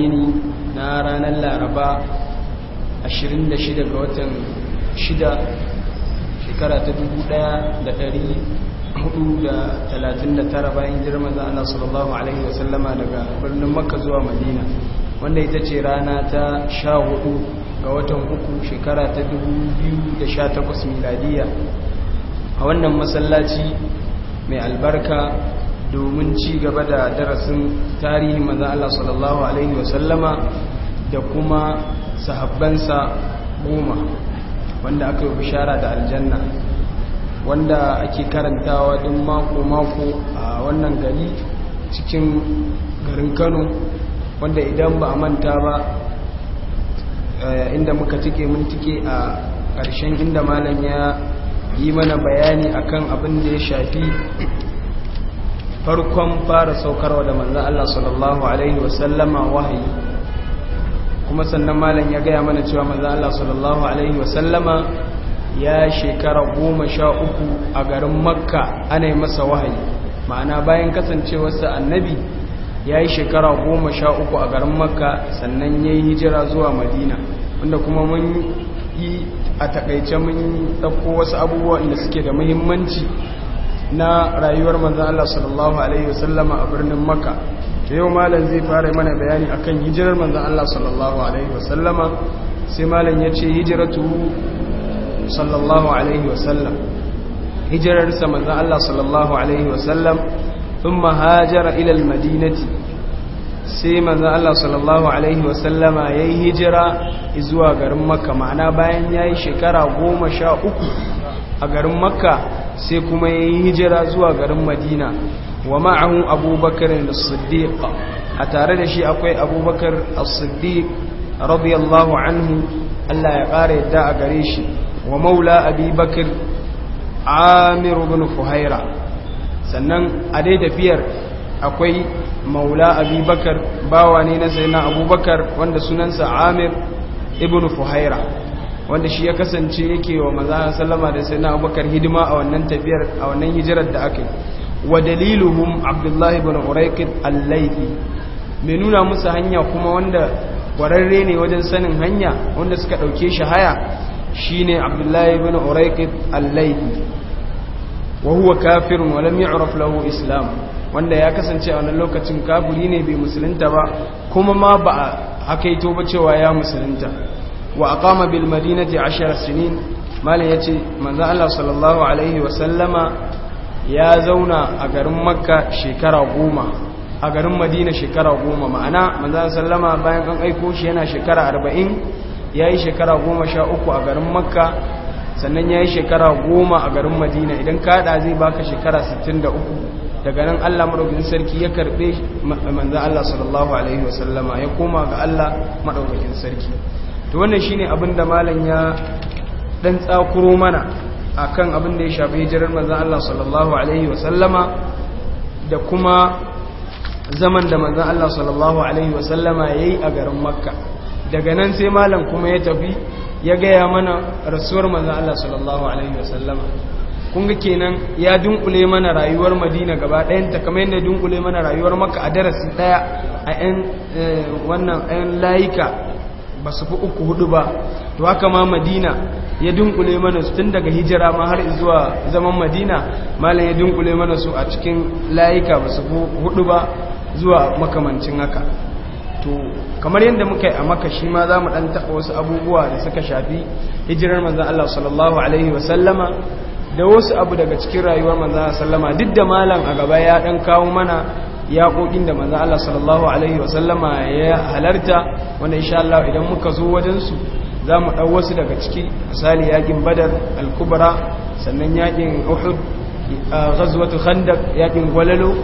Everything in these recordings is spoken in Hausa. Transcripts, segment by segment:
yini na ranar laraba 26 ga watan 6 shekara ta 1439 bayan girman za'ana sallallahu alaihi wasallama daga birnin makka zuwa madina wanda ita ce rana ta 14 ga watan uku shekara ta 2018 miladiya a wannan masallaci mai albarka domin ci gaba da darasin tarihin maza Allah sallallahu Alaihi wasallama da kuma sahabbansa goma wanda aka yi bishara da aljanna wanda ake karantawa din mako-mako a wannan gari cikin garin kano wanda idan ba a manta ba eh, inda muka tike mun tike a ƙarshen inda malam ya yi mana bayani akan abin da ya shafi farkon fara saukarwa da manzan Allah sallallahu Alaihi wasallama wahayi kuma sannan malam ya gaya mana cewa manzan Allah sallallahu Alaihi wasallama ya shekara goma sha uku a garin makka ana yi masa wahayi ma'ana bayan kasancewarsa annabi ya yi shekara goma sha uku a garin makka sannan ya yi hijira zuwa madina wanda kuma mun yi a takaice mun ɗauko wasu abubuwa da suke da muhimmanci na rayuwar manzan Allah sallallahu Alaihi wasallama a birnin Makka. yau malam zai fara mana bayani a kan hijirar manzan Allah sallallahu Alaihi wasallama sai malam ya ce hijiratu sallallahu Alaihi wasallam hijirarsa manzan Allah sallallahu Alaihi wasallam sun mahajara ilal madinati sai manzan Allah sallallahu Alaihi wasallama ya yi hijira zuwa garin Makka ma'ana bayan ya yi shekara goma sha uku a garin Makka sai kuma ya yi hijira zuwa garin madina wa ma'ahun abubakar siddiq a tare da shi akwai abubakar siddiq radiyallahu anhu allah ya ƙara yadda a gare shi wa maula abubakar Amir bin fuhaira sannan a dai tafiyar akwai maula abubakar bawa ne na sai na abubakar wanda sunansa amir ibn fuhaira wanda shi ya kasance yake wa maza sallama da sai na abubakar hidima a wannan tafiyar a wannan hijirar da aka wa daliluhum abdullahi ibn uraiqid al mai nuna musu hanya kuma wanda kwararre ne wajen sanin hanya wanda suka ɗauke shi haya shi ne abdullahi ibn uraiqid al wa huwa kafirun wa lam yu'raf lahu islam wanda ya kasance a wannan lokacin kafiri ne bai musulunta ba kuma ma ba a akaito ba cewa ya musulunta wa aqama bil madinati 10 sinin malin ce manzo Allah sallallahu alaihi wa sallama ya zauna a garin makka shekara goma a garin madina shekara goma ma'ana manzo sallama bayan an aiko shi yana shekara arba'in ya yi shekara goma sha uku a garin makka sannan ya yi shekara goma a garin madina idan kaɗa zai baka shekara sittin da uku daga nan allah maɗaukakin sarki ya karɓe manzo allah sallallahu alaihi wasallama ya koma ga allah maɗaukakin sarki to wannan shine abin da malam ya dan tsakuro mana akan abin da ya shafi hijirar manzon Allah sallallahu alaihi wasallama da kuma zaman da manzon Allah sallallahu alaihi wasallama yayi a garin Makka daga nan sai malam kuma ya tafi ya gaya mana rasuwar manzon Allah sallallahu alaihi wasallama kun ga kenan ya dunkule mana rayuwar madina gaba ɗayan ta kamar yadda dunkule mana rayuwar makka a darasi ɗaya a 'yan eh, wannan 'yan layika ba su fi uku hudu ba to haka ma madina ya dunkule mana su tun daga hijira ma har zuwa zaman madina malam ya dunkule mana su a cikin layuka ba su fi hudu ba zuwa makamancin haka to kamar yadda muka yi a maka shi ma za mu ɗan taɓa wasu abubuwa da suka shafi hijirar manzan Allah sallallahu Alaihi wasallama da wasu abu daga cikin rayuwar manzan sallama duk da malam a gaba ya ɗan kawo mana yaƙoƙin da manzo Allah sallallahu alaihi wasallama ya halarta wanda insha Allah idan muka zo wajensu su za mu ɗau wasu daga ciki misali yaƙin badar al sannan yaƙin uhud ghazwatu khandaq yaƙin gwalalo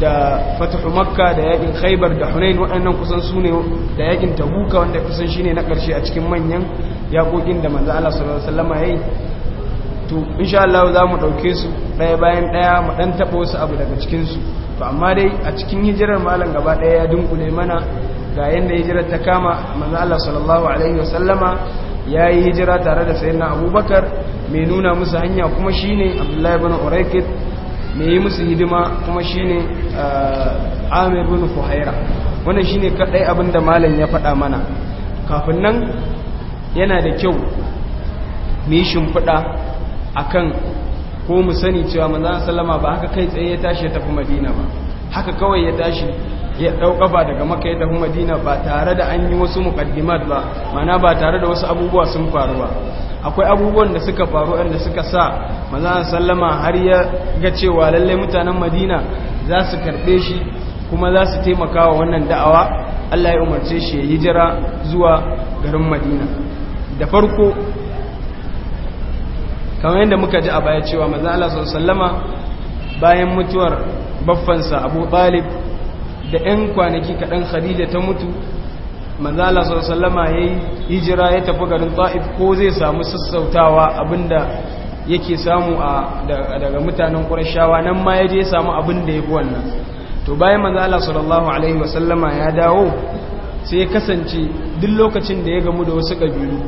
da fatahu makka da yaƙin khaibar da hunain waɗannan kusan su ne da yaƙin tabuka wanda kusan shine na ƙarshe a cikin manyan yaƙoƙin da manzo Allah sallallahu alaihi wasallam yayi to insha Allah za mu dauke su ɗaya bayan ɗaya mu dan taba wasu abu daga cikinsu. to amma dai a cikin hijirar malam gaba daya ya dunkule mana ga yadda hijirar ta kama manzo Allah sallallahu alaihi wasallama ya yi hijira tare da sayyidina abubakar mai nuna musu hanya kuma shine abdullahi ibn uraykid mai yi musu hidima kuma shine ah, amir ibn fuhaira wannan shine kadai abin da malam ya faɗa mana kafin nan yana da kyau mu yi shimfiɗa akan ko mu sani cewa manzo sallama ba haka kai tsaye ya tashi ya tafi madina ba haka kawai ya tashi ya ɗaukafa daga maka ya tafi madina ba tare da an yi wasu mukaddimat ba mana ba tare da wasu abubuwa sun faru ba akwai abubuwan da suka faru da suka sa manzan sallama har ya ga cewa lallai mutanen madina za su karɓe shi kuma za su taimaka wa wannan da'awa allah ya umarce shi ya hijira zuwa garin madina da farko kamar yadda muka ji a baya cewa maza Allah sallama bayan mutuwar baffansa Abu balib da 'yan kwanaki kaɗan Khadija ta mutu maza Allah sallama yi hijira ya tafi garin Taif ko zai samu sassautawa abinda yake samu daga mutanen ƙurashawa nan ma yaje samu abinda ya fi wannan to bayan maza Allah sallallahu alaihi wasallama ya dawo sai ya kasance duk lokacin da ya gamu da wasu ƙabilu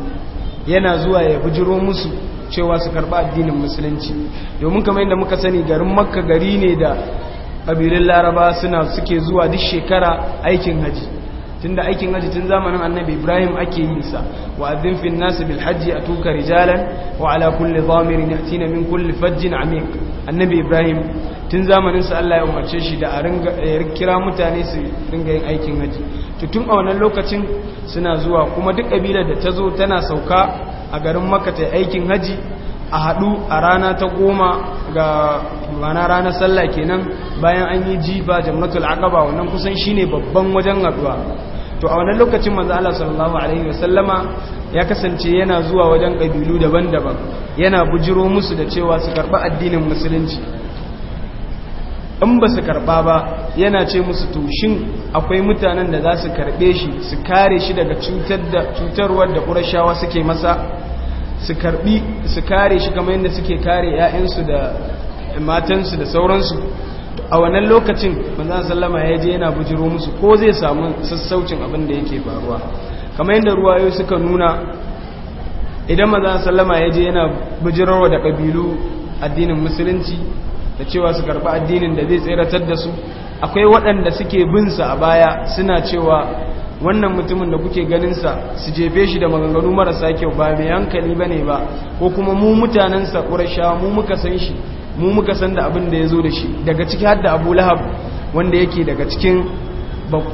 yana zuwa ya bujiro musu cewa su karba addinin musulunci domin kamar yadda muka sani garin makka gari ne da ƙabilun laraba suna suke zuwa duk shekara aikin hajji. tunda aikin haji tun zamanin annabi ibrahim ake yi sa wa azin fi bil hajji tuka rijalan wa ala kulli na yatina min kulli fajjin amiq annabi ibrahim tun zamanin sa Allah ya umarce shi da a kira mutane su ringa yin aikin haji tutun tun a wannan lokacin suna zuwa kuma duk kabilar da ta zo tana sauka a garin makka ta aikin haji a haɗu a rana ta goma ga rana ranar sallah kenan bayan an yi jifa jamratul aqaba wannan kusan shine babban wajen haɗuwa to a wannan lokacin manzo Allah sallallahu alaihi wasallama ya kasance yana zuwa wajen kabilu daban-daban yana bujiro musu da cewa su karba addinin musulunci in ba su karba ba yana ce musu to shin akwai mutanen da za su karbe shi su kare shi daga cutar da cutarwar da ƙurashawa suke masa su karbi su kare shi kamar yadda suke kare 'ya'yansu da matansu da sauransu a wannan lokacin manzo sallama ya je yana bujiro musu ko zai samu sassaucin abin da yake faruwa kamar yadda ruwayo suka nuna idan manzo sallama ya je yana bujirarwa da kabilu addinin musulunci da cewa su karɓi addinin da zai tsiratar da su akwai waɗanda suke bin sa a baya suna cewa wannan mutumin da kuke ganin sa su jefe shi da maganganu marasa kyau ba mai hankali ba ba ko kuma mu mutanen sa ƙurasha mu muka san shi mu muka san da abin da ya zo da shi daga ciki har da abu lahab wanda yake daga cikin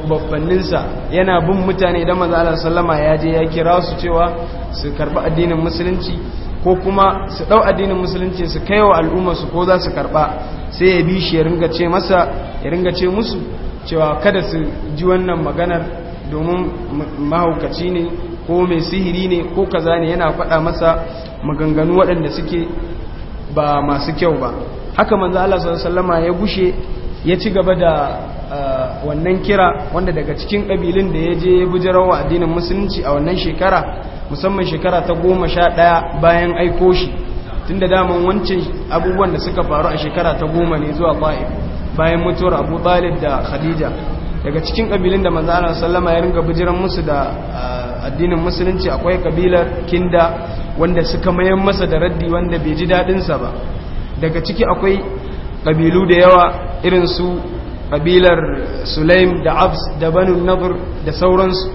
babbanninsa yana bin mutane idan maza ala sallama ya je ya kira su cewa su karba addinin musulunci ko kuma su dau addinin musulunci su kai wa al'umma su ko za su karba sai ya bi shi ya ringa ce musu cewa kada su ji wannan maganar domin mahaukaci ne ko mai sihiri ne ko kaza ne yana faɗa masa maganganu waɗanda suke ba masu kyau ba haka manzo Allah sallama ya gushe ya ci gaba da ah, wannan kira wanda daga cikin kabilun da ya je ya bujarawa addinin musulunci a wannan shekara musamman shekara ta goma sha ɗaya bayan aiko shi Tunda da daman wancan abubuwan da suka faru a shekara ta goma ne zuwa ba'ib bayan mutuwar abu talib da khadija daga cikin ƙabilun da manzana sallama ya ringa bijiran musu da addinin musulunci akwai kabilar kinda wanda suka mayan masa da raddi wanda bai ji dadinsa ba daga ciki akwai kabilu da yawa irin su kabilar Sulaim da Abs da Banu da sauransu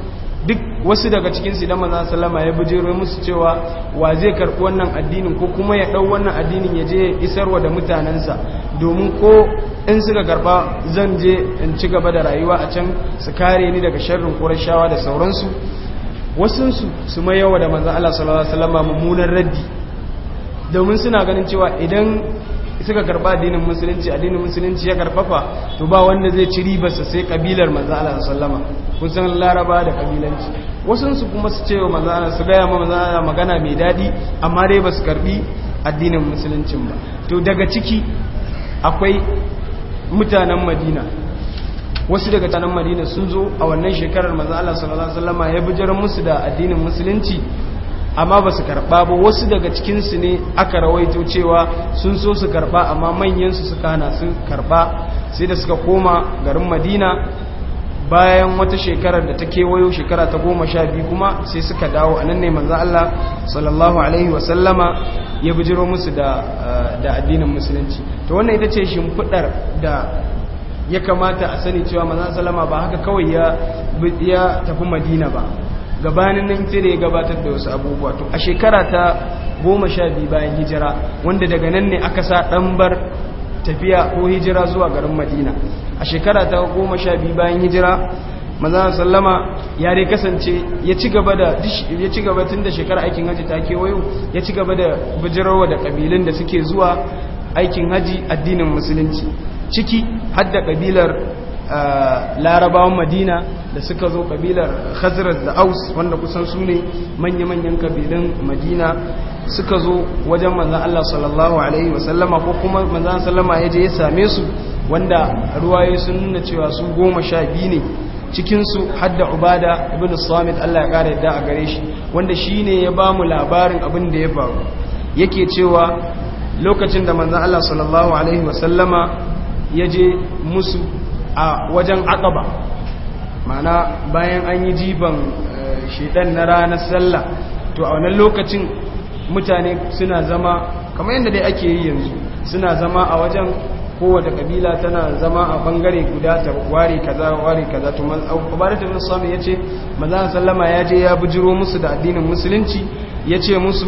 duk wasu daga cikin su idan manzon sallama ya musu cewa wa zai karɓi wannan addinin ko kuma ya dau wannan addinin ya je isarwa da mutanansa domin ko in suka karba zan je in ci gaba da rayuwa a can su kare ni daga sharrin qurashawa da sauransu wasunsu su mai yawa da manzan Allah sallallahu Alaihi mummunan raddi domin suna ganin cewa idan suka karba addinin musulunci addinin musulunci ya karfafa to ba wanda zai ci sa sai kabilar manzo Allah sallama kun san laraba da kabilanci wasu su kuma su ce wa manzo Allah su ga ya manzo Allah magana mai dadi amma dai ba su karbi addinin musuluncin ba to daga ciki akwai mutanen Madina wasu daga tanan Madina sun zo a wannan shekarar manzo Allah sallallahu alaihi wasallama ya bijiran musu da addinin musulunci amma ba su karba ba wasu daga cikinsu ne aka rawaito cewa sun so su karba amma manyansu suka hana su karba sai da suka koma garin madina bayan wata shekarar da ta kewayo shekara ta goma sha biyu kuma sai suka dawo a nan ne manzan Allah sallallahu Alaihi wasallama ya bujiro musu eh, da addinin musulunci ta wannan ita ce shimfiɗar da ya kamata a sani cewa manzan salama ba haka kawai ya tafi madina ba gabanin nan fita da ya gabatar da wasu abubuwa to a shekara ta goma sha biyu bayan hijira wanda daga nan ne aka sa ɗan bar tafiya ko hijira zuwa garin madina a shekara ta goma sha biyu bayan hijira maza sallama ya dai kasance ya ci gaba da ya ci gaba tun da shekara aikin haji ta kewayo ya ci gaba da bijirarwa da kabilun da suke zuwa aikin haji addinin musulunci ciki hadda kabilar larabawan madina da suka zo kabilar khazirar da aus wanda kusan su ne manya-manyan kabilun madina suka zo wajen manzan Allah sallallahu alaihi wasallama ko kuma manzan sallama ya je ya same su wanda ruwaye sun nuna cewa su goma sha biyu ne cikinsu hadda ubada ibn samit Allah ya kara yadda a gare shi wanda shi ne ya ba mu labarin abin da ya faru yake cewa lokacin da manzan Allah sallallahu alaihi wasallama ya je musu a wajen aqaba mana bayan an yi jiban eh, shedan na ranar sallah to a wannan lokacin mutane suna zama kamar yadda dai ake yi yanzu suna zama a wajen kowace kabila tana zama a bangare guda ta ware kaza ware kaza to ubaratu bin sami yace mazan sallama ya je ya bujiro musu da addinin musulunci yace musu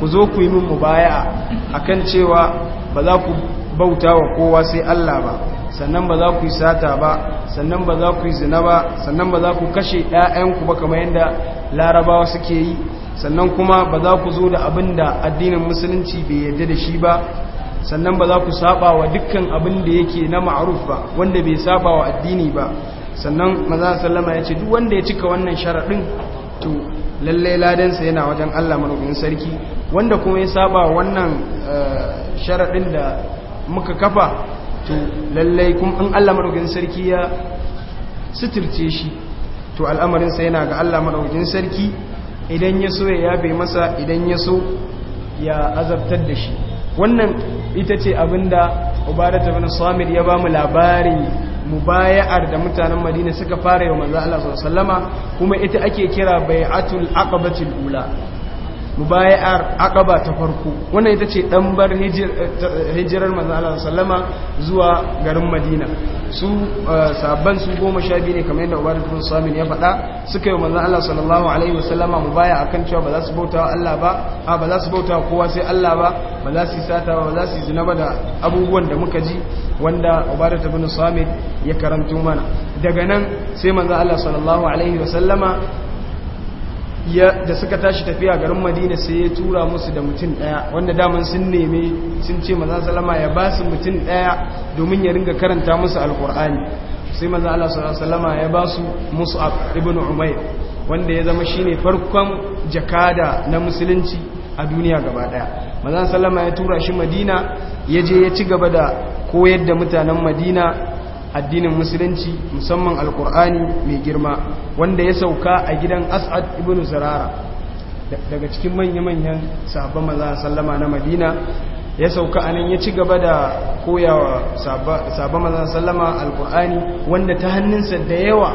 ku zo ku yi min mubaya'a akan cewa ba za ku bauta wa kowa sai Allah ba sannan ba za ku yi sata ba sannan ba za ku yi zina ba sannan ba za ku kashe ɗayanku ba kamar yadda larabawa suke yi sannan kuma ba za ku zo da abin da addinin musulunci bai yadda da shi ba sannan ba za ku saba wa dukkan abin da yake na ma'aruf ba wanda bai saba wa addini ba sannan maza sallama ya ce duk wanda ya cika wannan sharaɗin to lallai ladansa yana wajen allah marukin sarki wanda kuma ya saba wannan eh, sharaɗin da muka kafa to lallai kun in Allah madaukakin sarki ya suturce shi to al'amarinsa yana ga Allah madaukakin sarki idan ya so ya yabe masa idan ya so ya azabtar da shi wannan ita ce abinda da bin samir ya ba mu labarin mubaya'ar da mutanen madina suka fara yau manzo Allah sallallahu alaihi wasallama kuma ita ake kira bai'atul aqabatul ula mubayar aqaba ta farko wannan ita ce dan bar hijirar mazala sallama zuwa garin Madina su eh, sabon su goma sha biyu ne kamar yadda da bin Samin ya faɗa suka yi manzo Allah sallallahu alaihi wasallama a kan cewa ba za su bauta wa Allah ba ba za su bauta wa kowa sai Allah ba ba za su yi sata ba za su yi zina ba da abubuwan da muka ji wanda Ubadah Samin ya karanto mana daga nan sai manzo sallallahu alaihi wasallama da suka tashi tafiya garin madina sai ya tura musu da mutum daya wanda daman sun neme sun ce maza salama ya ba su mutum daya domin ya ringa karanta musu alkur'ani sai maza salama ya ba su mus'ab ibn umair wanda ya zama shine farkon jakada na musulunci a duniya gaba daya maza salama ya tura shi madina ya je ya ci gaba da koyar da mutanen madina addinin musulunci musamman alkur'ani mai girma wanda ya sauka a gidan as'ad ibn zarara daga cikin manya-manyan sahabban maza sallama na madina ya sauka a nan ya ci gaba da koyawa sahabban maza sallama alkur'ani wanda ta hannunsa da yawa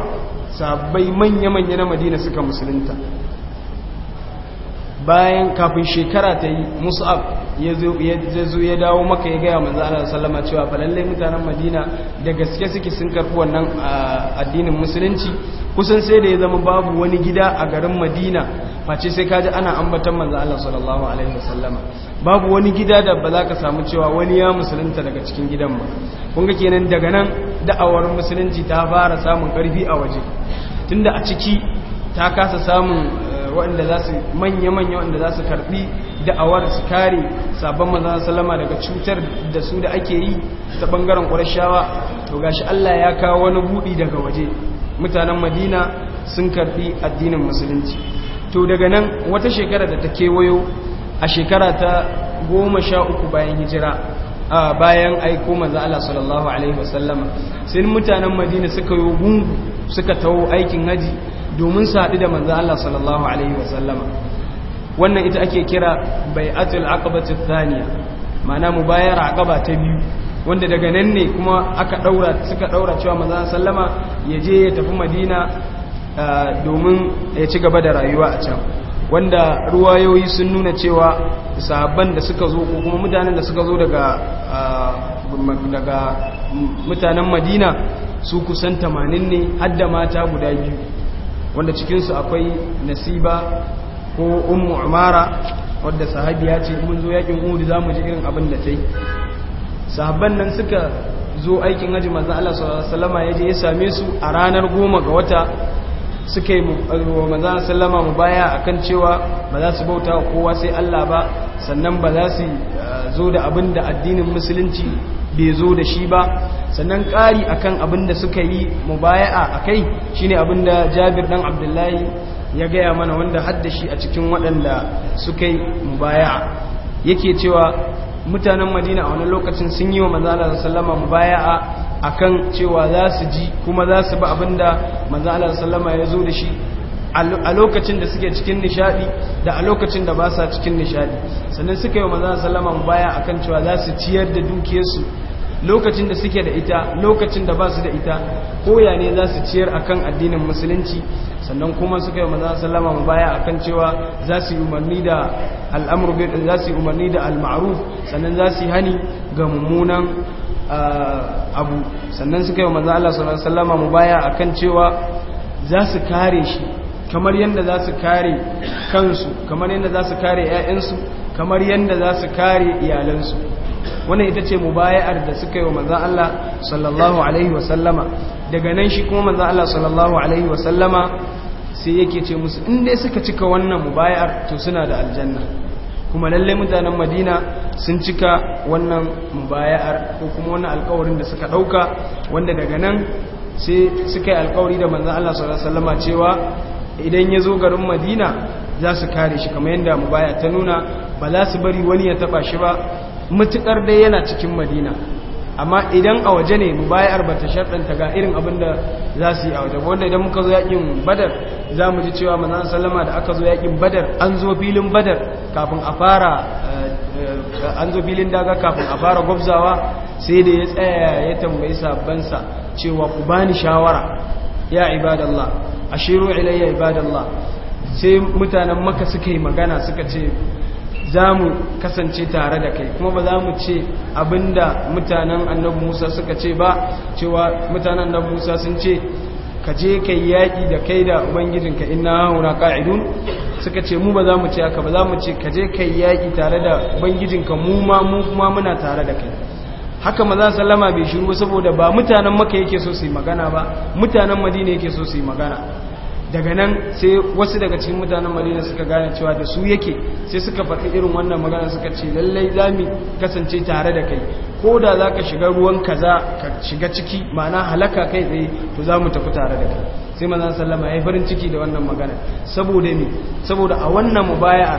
sahabbai manya-manya na madina suka musulunta bayan kafin shekara ta yi musab ya zo ya dawo maka ya gaya manzo Allah sallama cewa fa lalle mutanen Madina da gaske suke sun karfi wannan addinin musulunci kusan sai da ya zama babu wani gida a garin Madina face sai kaji ana ambatan manzo Allah sallallahu alaihi wasallama babu wani gida da ba za ka samu cewa wani ya musulunta daga cikin gidan ba kun ga kenan daga nan da'awar musulunci ta fara samun karfi a waje tunda a ciki ta kasa samun wanda za su manya-manya wanda za su karbi da'awar su kare sabon maza salama daga cutar da su da ake yi ta bangaren ƙwarashawa to gashi Allah ya kawo wani buɗi daga waje mutanen madina sun karɓi addinin musulunci to daga nan wata shekara da ta kewayo a shekara ta goma sha uku bayan hijira a bayan aiko maza Allah sallallahu alaihi wasallama sai mutanen madina suka yi gungu suka tawo aikin haji domin su da manzan Allah sallallahu alaihi wasallama wannan ita ake kira bai'atul aqabatu thaniya ma'ana bayar aqaba ta biyu wanda daga nan ne kuma aka daura suka daura cewa manzan sallama ya je ya tafi Madina domin ya ci gaba da rayuwa a can wanda ruwayoyi sun nuna cewa sabon da suka zo ko kuma mutanen da suka zo daga mutanen Madina su kusan tamanin ne hadda mata guda biyu wanda cikinsu akwai nasiba ko ummu umara wadda sahabiya ce mun zo yakin udu za mu ji irin abin da ta yi sahabban nan suka zo aikin haji manzo Allah sallallahu ya je ya same su a ranar goma ga wata suka yi manzo sallama mu baya akan cewa ba za su bauta kowa sai Allah ba sannan ba za su eh, zo da abin addinin musulunci bai zo da shi ba sannan ƙari akan abin da suka yi mubaya'a akai shine abin da Jabir dan Abdullahi ya gaya mana wanda haddashi a cikin waɗanda suka yi mubaya'a yake cewa mutanen Madina a wani lokacin sun yi wa manzo Allah sallama mubaya'a akan cewa za su ji kuma za su ba abin da manzo Allah sallama ya zo da shi a lokacin da suke cikin nishadi da a lokacin da ba sa cikin nishadi sannan suka yi wa manzan salama baya akan cewa za su ciyar da dukiyarsu lokacin da suke da ita lokacin da ba su da ita koya ne za su ciyar akan addinin musulunci sannan kuma suka yi maza sallama mu baya akan cewa za su yi umarni da al'amur za su yi umarni da al sannan za su yi hani ga mummunan abu sannan suka yi maza Allah sallama mu baya akan cewa za su kare shi kamar yadda za su kare kansu kamar yadda za su kare 'ya'yansu kamar yadda za su kare iyalansu wannan ita ce mubaya'ar da suka yi wa manzan Allah sallallahu alaihi wasallama daga nan shi kuma manzan Allah sallallahu alaihi wasallama sai yake ce musu inda suka cika wannan mubaya'ar to suna da aljanna kuma lalle mutanen madina sun cika wannan mubaya'ar ko kuma wannan alkawarin da suka ɗauka wanda daga nan sai suka yi alkawari da manzan Allah sallallahu alaihi wasallama cewa idan ya zo garin madina za su kare shi kamar yadda mubaya ta nuna ba za su bari wani ya taba shi ba matukar dai yana cikin madina amma idan a waje ne mubayar ba ta shaɗanta ga irin abin da za su yi a waje wanda idan muka zo yakin badar za mu ji cewa manzan sallama da aka zo yakin badar an zo filin badar kafin a fara eh, an zo filin daga kafin a fara gwabzawa sai da ya tsaya ya tambayi sabansa cewa ku bani shawara ya ibadallah ashiru ilayya ibadallah sai mutanen maka suka yi magana suka ce za mu kasance tare da kai kuma ba za mu ce abinda mutanen annabu musa suka ce ba cewa mutanen annabu musa sun ce ka je ka yi yaƙi da kai da ubangijinka ina hauna ƙa'idun suka ce mu ba za mu ce aka ba za mu ce ka je ka yi yaƙi tare da ubangijinka mu ma mu kuma muna tare da kai haka maza sallama bai shiru saboda ba mutanen maka yake so su yi magana ba mutanen madina yake so su yi magana daga nan sai wasu daga cikin mutanen madina suka gane cewa da su yake sai suka faɗi irin wannan magana suka ce lallai za mu kasance tare da kai ko da za ka shiga ruwan kaza ka shiga ciki ma'ana halaka kai tsaye to za mu tafi tare da kai sai mazan sallama yi farin ciki da wannan magana saboda ne saboda a wannan mubaya'a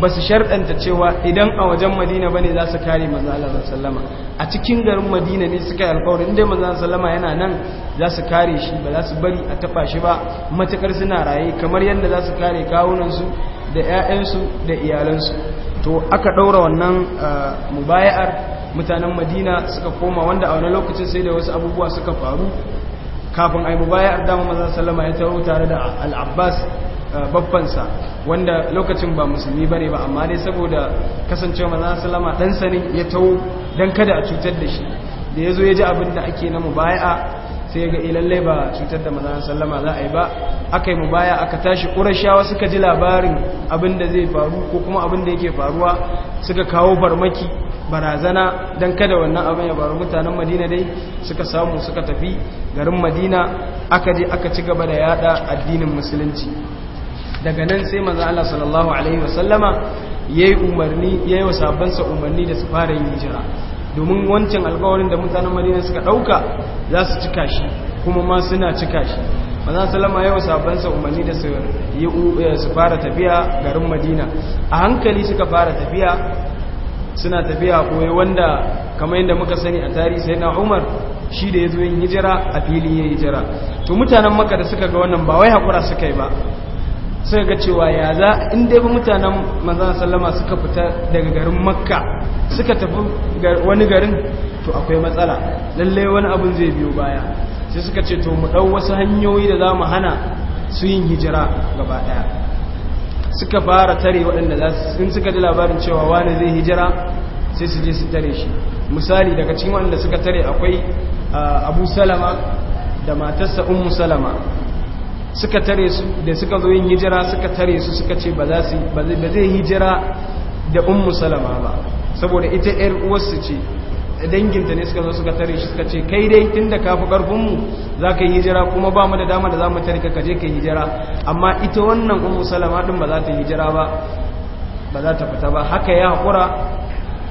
ba su sharɗanta cewa idan a wajen madina ba ne za su kare manzon sallama a cikin garin madina ne suka yi alƙawarin inda mazan sallama yana nan za su kare shi ba za su bari a taba shi ba matakar suna raye kamar yadda za su kare kawunansu da 'ya'yansu da iyalansu to aka ɗaura wannan ah, mubaya'ar mutanen madina suka koma wanda a wani lokacin sai da wasu abubuwa suka faru kafin ai a dama maza sallama ya taho tare da al-abbas eh, babbansa wanda lokacin ba musulmi bane ba amma dai saboda kasancewa maza sallama dan sani ya taho dan kada a cutar da shi da ya zo ya ji abin da ake na mubaya'a sai ga ilalle eh, ba cutar da maza sallama za a yi ba aka yi mubaya aka tashi ƙurashawa suka ji labarin abin da zai faru ko kuma abin da yake faruwa suka kawo farmaki barazana don kada wannan abin ya faru mutanen madina dai suka samu suka tafi garin madina aka je aka ci gaba da yada addinin musulunci daga nan sai maza Allah sallallahu alaihi wasallama yayi umarni yayi wa umarni da su fara yin hijira domin wancan alƙawarin da mutanen madina suka dauka za su cika shi kuma ma suna cika shi maza salama yi sabansa umarni da su fara tafiya garin madina a hankali suka fara tafiya suna tafiya koyi wanda kamar yadda muka sani a tarihi sai na umar shi da ya zo yin hijira a fili ya hijira to mutanen maka da suka ga wannan ba wai haƙura suka yi ba suka ga cewa ya za in dai fi mutanen manzana sallama suka fita daga garin makka suka tafi wani garin to akwai matsala lallai wani abin zai biyo baya sai suka ce to mu ɗau wasu hanyoyi da za mu hana su yin hijira gaba ɗaya suka fara tare waɗanda za su in suka ji labarin cewa wani zai hijira sai su je su tare shi misali daga cikin waɗanda suka tare akwai abu salama da matarsa ummu salama suka tare su da suka zo yin hijira suka tare su suka ce ba za su ba zai hijira da ummu salama ba saboda ita 'yar uwarsu ce danginta ne suka zo suka tare shi suka ce kai dai tun da kafi ƙarfinmu za ka yi hijira kuma ba mu da dama da za mu tare ka je ka hijira amma ita wannan umu salama din ba za ta yi hijira ba ba za ta fita ba haka ya haƙura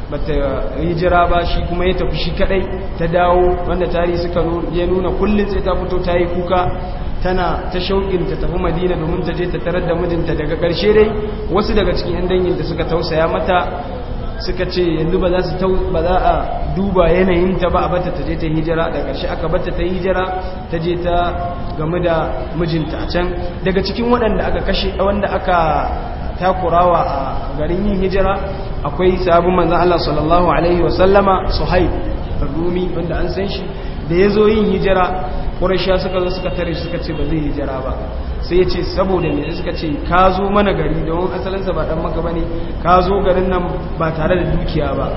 ba ta yi hijira ba shi kuma ya tafi shi kaɗai ta dawo wanda tarihi suka ya nuna kullum sai ta fito ta yi kuka tana ta shauƙin ta tafi madina domin ta je ta tarar da mijinta daga ƙarshe dai wasu daga cikin 'yan danginta suka tausaya mata suka ce yanzu ba za su ba za a duba yanayin ta ba a bata ta je ta hijira da ƙarshe aka bata ta hijira ta je ta game da mijinta can daga cikin waɗanda aka kashe wanda aka takurawa a garin yin hijira akwai sabon manzan Allah sallallahu alaihi wasallama suhaib rumi wanda an san shi da ya zo yin hijira ƙurashiya suka zo suka tare suka ce ba zai hijira ba sai ya ce saboda mai suka ce ka zo mana gari domin asalinsa ba ɗan maka ba ne ka zo garin nan ba tare da dukiya ba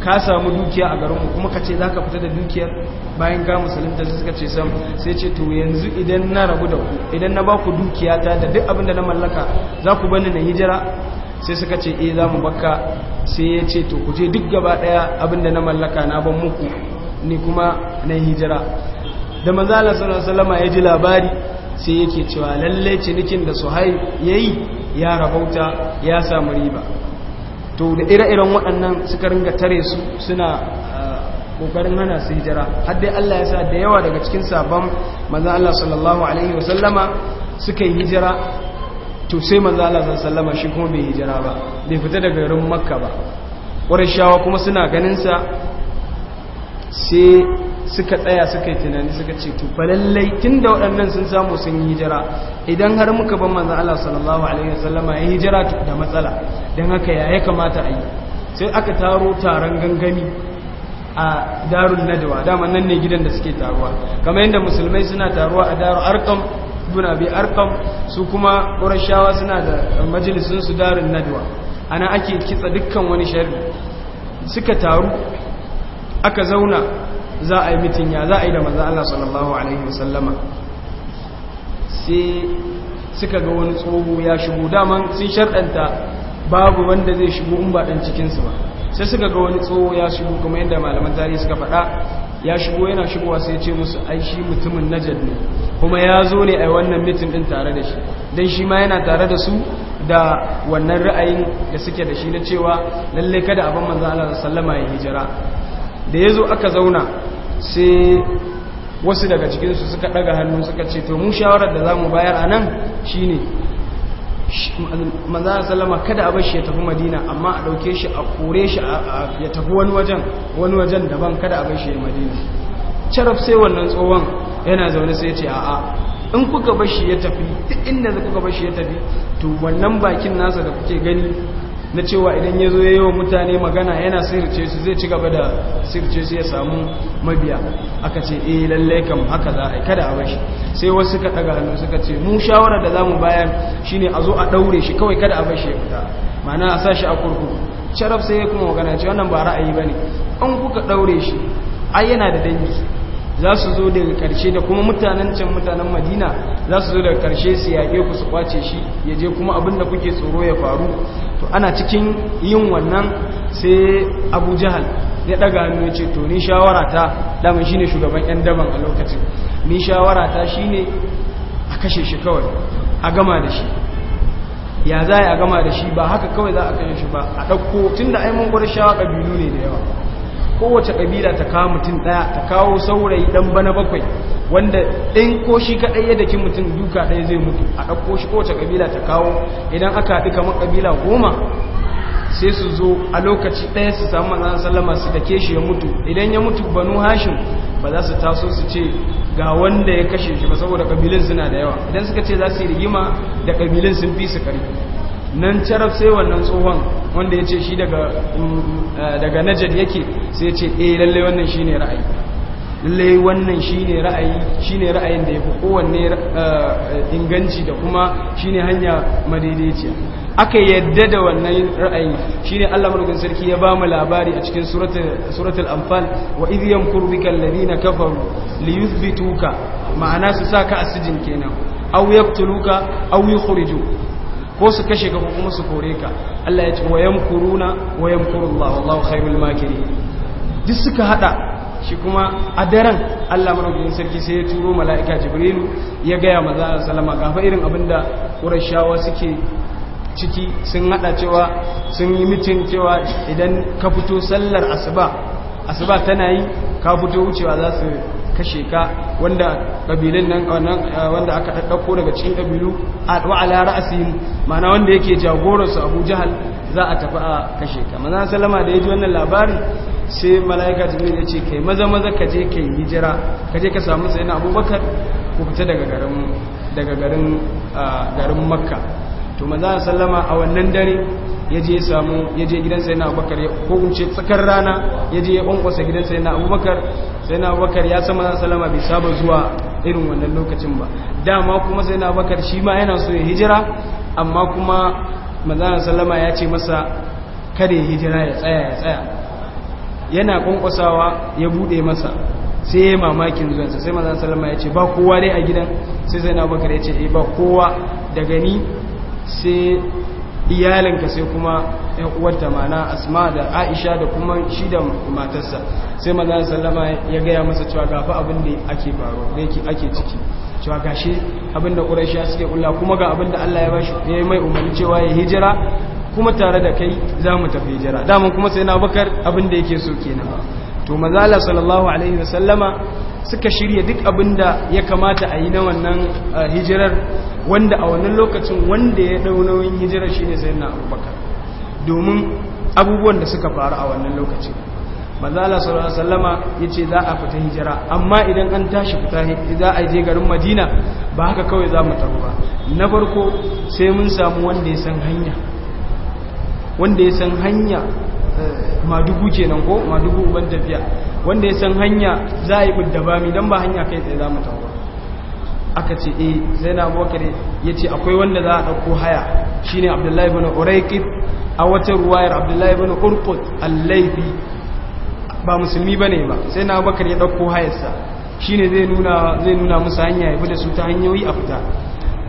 ka samu dukiya a garinmu kuma ka ce za ka fita da dukiyar bayan ka musulunta suka ce sam sai ce to yanzu idan na rabu da ku idan na ba ku dukiya ta da duk abin da na mallaka za ku bani na hijira sai suka ce eh za mu bakka sai ya ce to ku je duk gaba ɗaya abinda na mallaka na ban muku ni kuma na hijira da manzala sallallahu ya ji labari sai yake cewa lalle cinikin da suhai yayi ya rabauta ya samu riba to da ire-iren waɗannan suka ringa tare su suna kokarin ah, hana su hijira har dai Allah ya sa da yawa daga cikin sabon manzala Allah sallallahu alaihi wasallama suka hijira to sai manzala Allah shi kuma bai hijira ba bai fita daga garin Makka ba shawa kuma suna ganinsa. sai suka tsaya suka yi tunani suka ce to tun da waɗannan sun samu sun yi hijira idan har muka ban manzan Allah sallallahu Alaihi wasallama ya hijira da matsala don haka ya ya kamata a yi sai aka taro taron gangami a darun nadawa dama nan ne gidan da suke taruwa kamar yadda musulmai suna taruwa a daru arkam duna bi arkam su kuma ƙurashawa suna da majalisun su darun nadawa ana ake kitsa dukkan wani shari'a suka taru aka zauna za a yi mitin ya za a yi da maza Allah sallallahu Alaihi wasallama sai suka ga wani tsoho ya shigo daman sun sharɗanta babu wanda zai shigo in ba ɗan cikinsu ba sai suka ga wani tsoho ya shigo kuma yadda malaman tarihi suka faɗa ya shigo yana shigowa sai ce musu ai shi mutumin na ne kuma ya zo ne a wannan mitin ɗin tare da shi don shi ma yana tare da su da wannan ra'ayin da suke da shi na cewa lallai kada abin manzan Allah sallama ya hijira da ya zo aka zauna sai wasu daga cikinsu suka ɗaga hannu suka ce to mu shawarar da za mu bayar a nan shi ne salama kada a bashi ya tafi madina amma a ɗauke shi a kore shi ya tafi wani wajen wani wajen daban kada a bashi ya madina carab sai wannan tsohon yana zaune sai ce a'a in kuka bashi ya tafi duk inda kuka bashi ya tafi to wannan bakin nasa da kuke gani na cewa idan ya zo ya yi wa mutane magana yana sirce su zai ci gaba da sirce su ya samu mabiya aka ce eh lallai kam haka za a kada a bashi sai wasu suka daga hannu suka ce mu shawara da zamu bayar shine a zo a daure shi kawai kada a bashi ya fita ma'ana a sa shi a kurkuku sharaf sai ya kuma magana ce wannan ba ra'ayi bane an kuka daure shi ai yana da dangi za su zo daga karshe da kuma mutanen can mutanen madina za su zo daga karshe su yaƙe ku su kwace shi ya je kuma abin da kuke tsoro ya faru to ana cikin yin wannan sai abu jihal ya ɗaga hannu ce to ni shawara ta shi shine shugaban yan daban a lokacin ni shawara ta shine a kashe shi kawai a gama da shi ya za a gama da shi ba haka kawai za a kashe shi ba a ɗauko tun da aimun shawa ƙabilu ne da yawa kowace kabila ta kawo mutum ɗaya ta kawo saurayi ɗan bana bakwai wanda ɗin koshi kaɗai yadda daki mutum duka ɗaya zai mutu a ɗauko shi kowace kabila ta kawo idan aka haɗu kamar kabila goma sai su zo a lokaci ɗaya su samu manzan sallama su dake shi ya mutu idan ya mutu banu hashin ba za su taso su ce ga wanda ya kashe shi ba saboda kabilin suna da yawa idan suka ce za su yi rigima da kabilin sun fi su ƙarfi nan carab sai wannan tsohon wanda ya ce shi daga mm, eh, najar yake sai ce eh lalle wannan shi ne ra'ayi lallai wannan shi ne ra'ayi shi ne ra'ayin da ya fi kowanne eh, inganci da kuma shi ne hanya madaidaiciya aka yadda da wannan ra'ayi shi ne allah mulkin sarki ya ba mu labari a cikin suratul amfal wa idh yamkuru bika alladhina kafaru liyuthbituka ma'ana su saka asijin kenan aw yaqtuluka aw yukhriju ko su kashe ka kuma su kore ka Allah ya ce wa yamkuruna wa yamkurullahu wallahu khairul makirin duk suka hada shi kuma a daren Allah marubin sarki sai ya turo mala'ika jibrilu ya gaya maza a salama kafa irin abinda ƙurashawa suke ciki sun haɗa cewa sun yi mitin cewa idan ka fito sallar asuba asuba tana yi ka fito wucewa za su kashe ka wanda kabilan nan eh, wanda aka daddako daga cikin kabilu wa ala ra'sihim mana wanda yake jagoransu su Abu Jahal za a tafi a kashe ka manzo sallama da yaji wannan labari sai malaika jibril ya ce kai maza maza ka je kai hijira ka je ka samu sayyidina Abubakar ku fita daga garin daga garin ah, garin Makka to manzo sallama a wannan dare ya je samu ya je gidan sayyidina abubakar ko kun ce tsakar rana ya je ya kwankwasa gidan sayyidina abubakar na abubakar ya sama salama bai saba zuwa irin wannan lokacin ba dama kuma na abubakar shi ma yana so ya hijira amma kuma manzana salama ya ce masa kada ya hijira ya tsaya ya tsaya yana kwankwasawa ya bude masa sai ya yi mamakin zuwansa sai mazan salama ya ce ba kowa dai a gidan sai sai na bakar ya ce eh, ba kowa daga ni sai iyalinka sai kuma ‘yan uwarta mana asma da aisha da kuma shi da matarsa sai maza sallama ya gaya masa cewa fa abin da ake faru da yake ake ciki cewa gashi abin da ƙurashi suke kula kuma ga abin da allah ya bashi ya mai umarni cewa ya hijira kuma tare da kai za mu tafi hijira daman kuma sai na bakar abin da yake so kenan to maza sallallahu alaihi wasallama suka shirya duk abin da ya kamata a yi na wannan uh, hijirar wanda a wannan lokacin wanda ya dau nauyin hijirar shine na abubakar domin abubuwan da suka faru a wannan lokacin manzala sallallahu alaihi wasallama yace za a fita hijira amma idan an tashi fita za a je garin Madina ba haka kawai za mu tafi ba na farko sai mun samu wanda ya wanda ya san hanya madugu kenan ko madugu uban tafiya wanda ya san hanya za a yi budda ba mi don ba hanya kai tsaye za mu tawo aka ce eh zai na abokan ya ce akwai wanda za a ɗauko haya shine abdullahi bin uraikid a wata ruwayar abdullahi bin urkut allaifi ba musulmi ba ne ba sai na abokan ya ɗauko hayarsa shine zai nuna zai nuna musu hanya ya fi da su ta hanyoyi a fita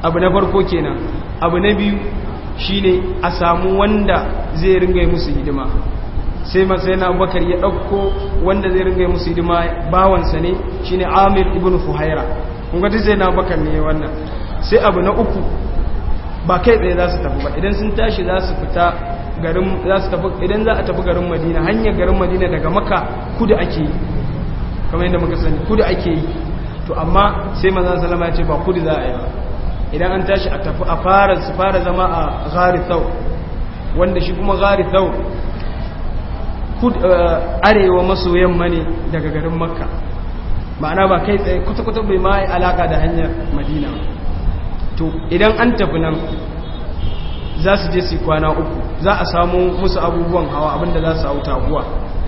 abu na farko kenan abu na biyu shine a samu wanda zai ringa musu hidima sai matsayina abubakar ya ɗauko wanda zai ringa musu hidima bawansa ne shine amir ibn fuhaira kun ga sai na abubakar ne wannan sai abu na uku ba kai tsaye za su tafi ba idan sun tashi za su fita garin za su tafi idan za a tafi garin madina hanyar garin madina daga maka kudu ake yi kamar yadda muka sani kudu ake yi to amma sai manzon salama ya ce ba kudu za a yi ba idan an tashi a tafi a fara su fara zama a gharithau wanda shi kuma gharithau Eh, arewa maso yamma ne daga garin makka ma'ana ba kai tsaye kwata-kwata bai ma yi alaka da hanyar madina to idan an tafi nan za su je su kwana uku za a samu musu abubuwan hawa abinda za su hau taguwa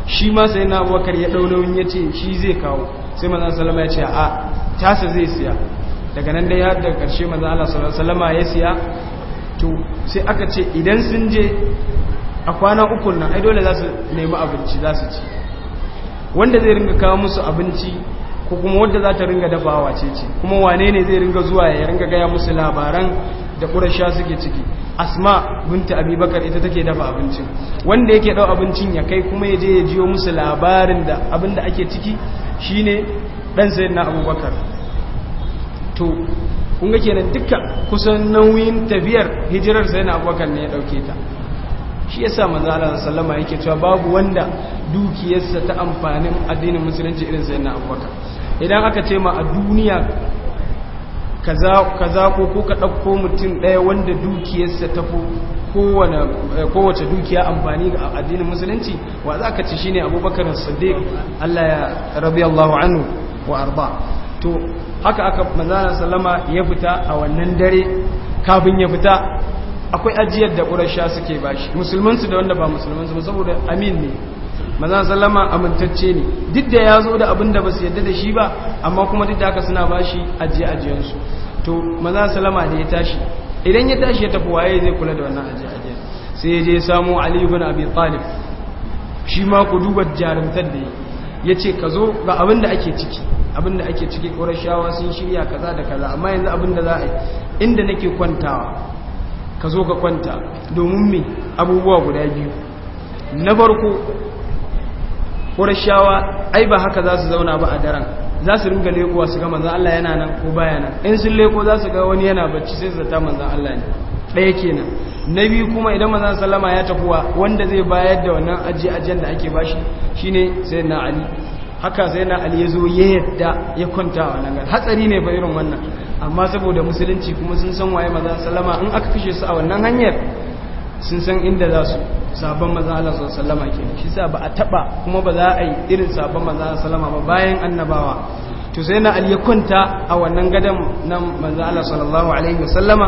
shi ma sai na abubakar ya ya ce shi zai kawo sai mazan salama ya ce a tasa zai siya daga nan dai ya daga karshe mazan salama ya siya to sai aka ce idan sun je a kwana uku nan ai dole za su nemi abinci za su ci wanda zai ringa kawo musu abinci ko kuma wanda za ta ringa dafawa ce ce kuma wane ne zai ringa zuwa ya ringa gaya musu labaran da ƙurasha suke ciki asma binta abubakar ita take dafa abincin wanda yake ɗau abincin ya kai kuma ya je ya jiyo musu labarin da abin da ake ciki shine dan sai na abubakar to kunga kenan dukkan kusan nauyin tafiyar hijirar sayan abubakar ne ya ɗauke ta shi yasa manzo Allah sallama yake cewa babu wanda dukiyarsa ta amfanin addinin musulunci irin na Abubakar idan aka ce ma a duniya kaza kaza ko ko ka dauko mutum daya wanda dukiyarsa ta fi kowace dukiya amfani ga addinin musulunci wa za ka ci shine Abubakar Siddiq Allah ya radiyallahu anhu wa arda to haka aka manzo Allah sallama ya fita a wannan dare kafin ya fita akwai ajiyar da sha suke bashi musulmansu da wanda ba musulmansu ba saboda amin ne mazan salama amintacce ne duk da ya zo da abin da ba su yadda da shi ba amma kuma duk da aka suna bashi ajiye ajiyarsu to mazan salama da ya tashi idan ya tashi ya tafi waye zai kula da wannan ajiye ajiyar sai ya je samo ali ibn abi talib shi ma ku duba jarumtar da ya ce ka zo ga abin da ake ciki abin da ake ciki ƙurashawa sun shirya kaza da kaza amma yanzu abin da za a yi inda nake kwantawa ka zo ka kwanta domin me abubuwa guda biyu na farko ƙurashawa ai ba haka za su zauna ba a daren za su ringa lekowa su ga manzan Allah yana nan ko baya nan in sun leko za su ga wani yana bacci sai su zata manzan Allah ne ɗaya kenan na biyu kuma idan manzan sallama ya tafuwa wanda zai bayar da wannan ajiye ajiyar da ake bashi shine sai na ali haka sai na ali ya zo ya yadda ya kwanta a wannan gari hatsari ne ba irin wannan amma saboda musulunci kuma sun san waye maza sallama in aka kashe su a wannan hanyar sun san inda za su sabon maza Allah sallama ke shi sa ba a taba kuma ba za a yi irin sabon maza sallama ba bayan annabawa to sai na ali ya kwanta a wannan gadan nan maza Allah sallallahu alaihi wasallama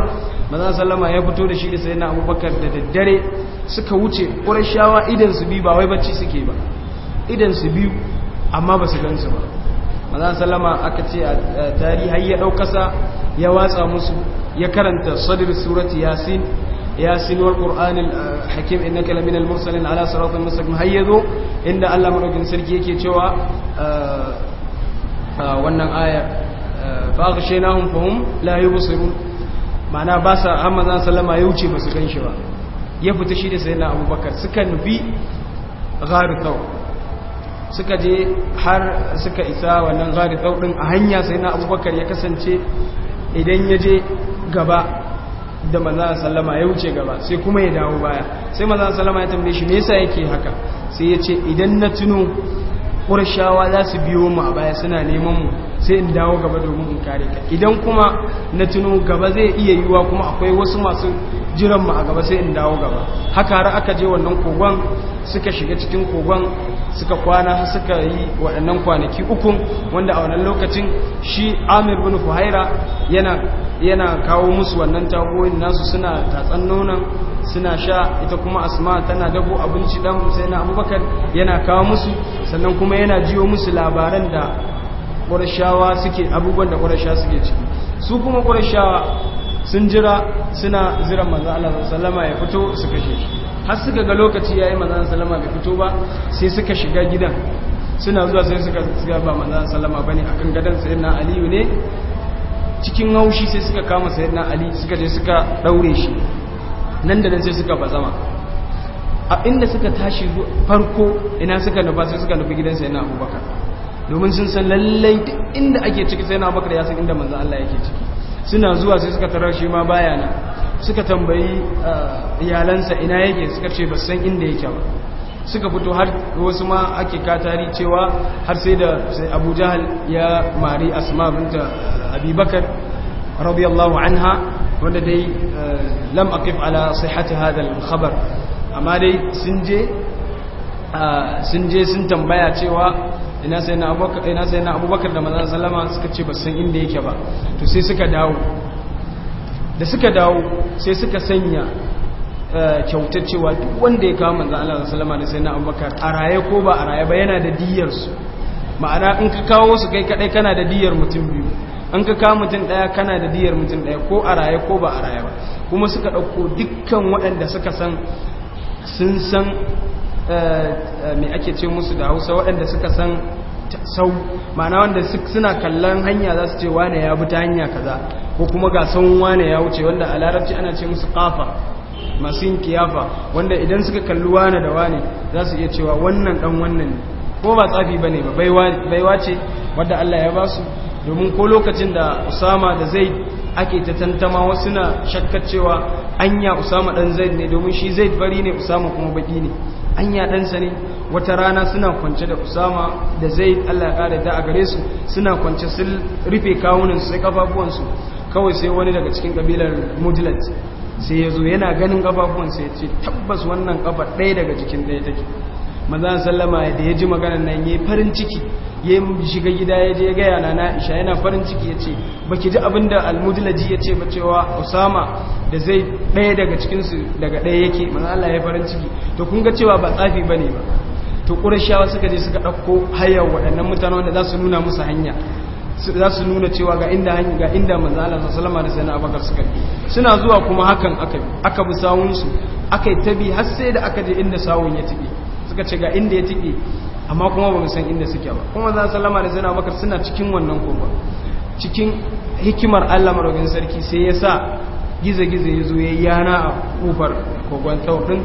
maza sallama ya fito da shi da sai na abubakar da daddare suka wuce ƙurashawa idan su bi ba wai bacci suke ba idan su biyu amma ba su gansu ba mazan salama aka ce a tarihi ya ɗaukasa ya watsa musu ya karanta sadir surat yasin yasin wal qur'anil hakim innaka laminal mursalin ala siratin mustaqim hayyazo inda Allah madaukin sarki yake cewa wannan aya fa aghshaynahum fahum la yubsirun ma'ana ba sa amma Salama ya wuce ba su gan shi ba ya fita shi da sayyidina abubakar suka nufi gharu tawf suka je har suka isa wannan zari tsaudin a hanya sai na abubakar ya kasance idan ya je gaba da maza sallama ya wuce gaba sai kuma ya dawo baya sai maza sallama ya tambaye shi nesa yake haka sai ya ce idan na tuno ƙurshawa za su biyo mu a baya suna neman mu sai in dawo gaba domin in kare ka idan kuma na tuno gaba zai iya yiwuwa kuma akwai wasu masu jiran mu a gaba sai in dawo gaba haka har aka je wannan kogon suka shiga cikin kogon suka kwana suka yi waɗannan kwanaki ukun wanda a wannan lokacin shi amir bin fuhaira yana kawo musu wannan tagoyin nasu suna tatsan nonon suna sha ita kuma asma tana dabo abinci dan sai na abubakar yana kawo musu sannan kuma yana jiyo musu labaran da ƙwarashawa suke abubuwan da ƙwarashawa suke ciki su kuma ƙwarashawa sun jira suna zira manzo Allah sallama ya fito su kashe shi har suka ga lokaci yayi manzon sallama bai fito ba sai suka shiga gidan suna zuwa sai suka tsaya ba manzon sallama bane akan gadan sayyidina aliyu ne cikin haushi sai suka kama sayyidina ali suka je suka daure shi nan da nan sai suka bazama a inda suka tashi farko ina suka nufa sai suka nufi gidan sayyidina abubakar domin sun san lallai inda ake ciki sayyidina abubakar ya san inda manzon Allah yake ciki suna zuwa sai suka tarar shi ma baya nan suka tambayi ah, iyalansa ina yake suka ce ba san inda yake ba suka fito har wasu ma ake katari cewa har sai da abu jahal ya mari asma binta abubakar radiyallahu anha wanda dai ah, lam aqif ala sihhati hadha al-khabar amma dai sun je ah, sun je sun tambaya cewa ina sai na abubakar da manzon sallama suka ce ba san inda yake ba to sai suka dawo da suka dawo sai suka sanya eh, kyautar cewa duk wanda ya kawo manzan Allah sallama da sai na abubakar a raye ko ba a raye ba yana da diyarsu ma'ana in ka kawo su kai kadai kana da diyar mutum biyu in ka kawo mutum daya kana da diyar mutum daya ko a raye ko ba a raye ba kuma suka dauko dukkan waɗanda suka san sun san eh, mai ake ce musu da hausa waɗanda suka san sau ma'ana wanda suna kallon hanya za su ce wane ya bi ta hanya kaza ko kuma ga sahun wane ya wuce wanda a larabci ana ce musu kafa masu yin kiyafa wanda idan suka kalli wane da wane za su iya cewa wannan dan wannan ne ko ba tsafi ba ne ba baiwa ce wadda Allah ya ba su domin ko lokacin da usama da zai ake ta tantama wasu na shakkar cewa anya usama dan zaid ne domin shi zaid bari ne usama kuma baki ne anya ɗansa ne wata rana suna kwance da usama da zaid allah ya ƙara da a gare su suna kwance sun rufe kawunan sai kafafuwansu kawai sai wani daga cikin kabilar mudland sai ya zo yana ganin kafafuwan sai ce tabbas wannan kafa ɗaya daga cikin ɗaya take maza sallama da ya ji maganar nan ya yi farin ciki ya yi shiga gida ya je gaya na na'isha yana farin ciki ya ce ba ki ji abinda almudulaji ya ce ba cewa osama da zai ɗaya daga cikinsu daga ɗaya yake maza allah ya farin ciki to kun ga cewa ba tsafi ba ne ba to ƙurashawa suka je suka ɗauko hayar waɗannan mutane wanda za su nuna musu hanya za su nuna cewa ga inda hanyar ga inda manzo Allah salama da sayyidina abakar suka bi suna zuwa kuma hakan aka bi sawunsu sawun su aka yi tabi har sai da aka je inda sawun ya tike suka ce ga inda ya tike amma kuma ba san inda suke ba kuma su salama da sayyidina abakar suna cikin wannan kuma cikin hikimar Allah marogin sarki sai ya sa gizo-gizo ya zo ya yana a kofar kogon taurin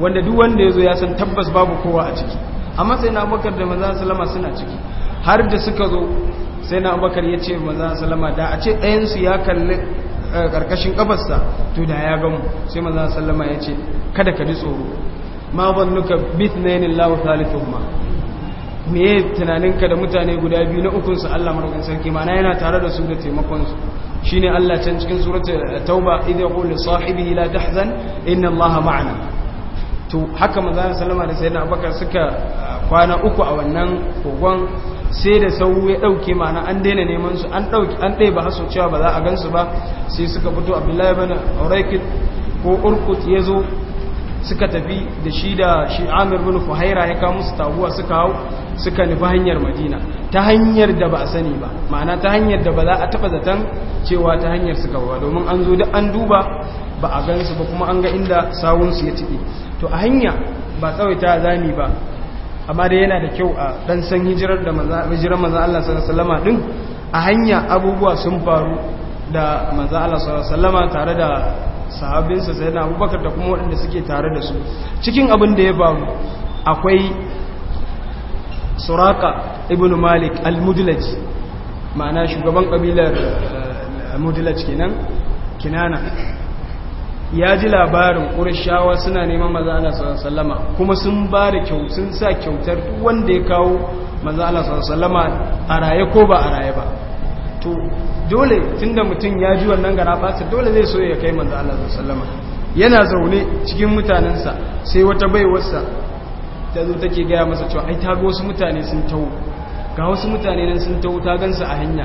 wanda duk wanda ya zo ya san tabbas babu kowa a ciki a matsayin abakar da maza salama suna ciki har da suka zo sai na abubakar ya ce maza salama da a ce ɗayansu ya kalli eh, ƙarƙashin ƙafarsa to da ya gamu sai maza salama ya ce kada ka ji tsoro ma nuka bit na yanin lawo thalithun ma Me tunaninka da mutane guda biyu na ukunsu allah marukin sarki mana yana tare da su da taimakonsu shi ne allah can cikin suratul eh, tauba idan kula sahibi la tahzan inna allaha ma'ana to haka maza salama da sayyidina abubakar suka eh, kwana uku a wannan kogon sai da sau ya dauke mana an daina neman su an dauki an dai ba haso cewa ba za a gansu ba sai suka fito abdullahi bin uraykit ko urkut yazo suka tafi da shi da shi amir bin fuhaira ya kawo musu taguwa suka hau suka nufi hanyar madina ta hanyar da ba a sani ba ma'ana ta hanyar da ba za a taba zaton cewa ta hanyar suka ba domin an zo da an duba ba a gansu ba kuma an ga inda sawunsu ya tiɗi to a hanya ba tsawaita zami ba amma dai yana da kyau a dan san hijirar da hijirar manzo Allah sallallahu alaihi din a hanya abubuwa sun faru da manzo Allah sallallahu alaihi tare da sai sayyidina Abubakar da kuma waɗanda suke tare da su cikin abin da ya faru akwai Suraka ibn Malik al-Mudlaj ma'ana shugaban kabilar eh, Mudlaj kenan kinana ya ji labarin ƙurshawa suna neman maza sallama kuma sun ba da kyau sun sa kyautar wanda ya kawo maza sallama a raye ko ba a raye ba to dole tun da mutum ya ji wannan gara fasa dole zai so ya kai maza sallama yana zaune cikin mutanensa sai wata baiwarsa ta zo take gaya masa cewa ai ta ga wasu mutane sun tawo ga wasu mutane nan sun tawo ta gansu a hanya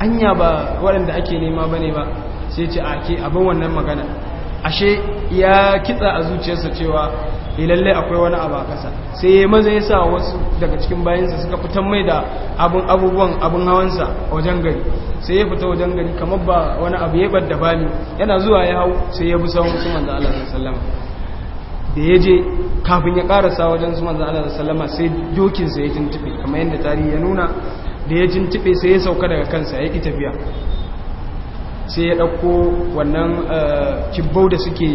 hanya ba waɗanda ake nema ba ne ba sai ce a ke abin wannan magana ashe ya kitsa a zuciyarsa cewa ilalle eh, akwai wani abu a kasa sai ya maza ya sa wasu daga cikin bayansa suka fitan mai da abin abubuwan abin hawansa a wajen gari sai ya fita wajen gari kamar ba wani abu ya bar da bani yana zuwa ya hau sai ya bi sawon su manzo Allah sallallahu da ya je kafin ya karasa wajen su manzo Allah sallallahu sai dokinsa ya jintube kamar yadda tarihi ya nuna da ya jintube sai ya sauka daga kansa ya ki tafiya sai ya ɗauko wannan kibbau eh, da suke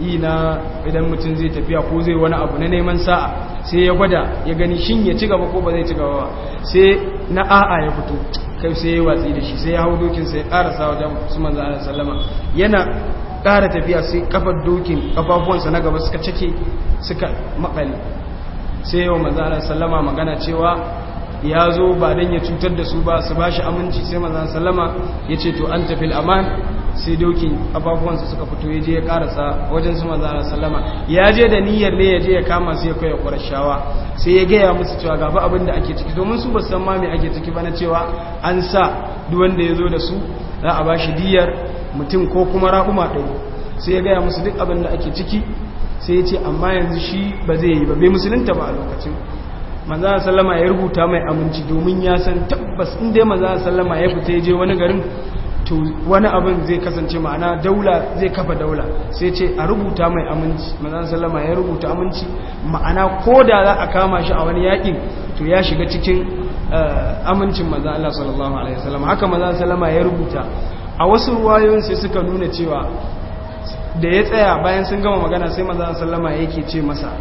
yi na idan mutum zai tafiya ko zai wani abu na neman sa'a sai ya gwada ya gani shin ya ci gaba ko ba zai ci gaba ba sai na a'a ya fito kai sai ya watsi da shi sai ya hau dokin sai ya ƙarasa wajen su manza ala sallama yana ƙara tafiya sai ƙafar dokin ƙafafuwansa na gaba suka cike suka makale sai yau manza ala sallama magana cewa ya zo ba dan ya cutar da su ba su bashi aminci sai salama ya ce to an tafi aman sai dokin abubuwansa suka fito ya je ya karasa wajen su manzon salama ya je da niyyar ne ya je ya kama su ya koya kurashawa sai ya gaya musu cewa gaba abin da ake ciki domin su ba san ma ake ciki ba na cewa an sa duk wanda ya zo da su za a bashi diyar mutum ko kuma raƙuma ɗaya sai ya gaya musu duk abin da ake ciki sai ya ce amma yanzu shi ba zai yi ba bai musulunta ba a lokacin a sallama ya rubuta mai aminci domin ya san tabbas inda ya a sallama ya fita je wani garin to wani abin zai kasance ma'ana daula zai kafa daula sai ce a rubuta mai aminci a sallama ya rubuta aminci ma'ana ko da za a kama shi a wani yakin to ya shiga cikin eh, amincin maza Allah sallallahu alaihi wasallam haka a sallama ya rubuta a wasu ruwayoyin sai suka nuna cewa da ya tsaya bayan sun gama magana sai a sallama yake ce masa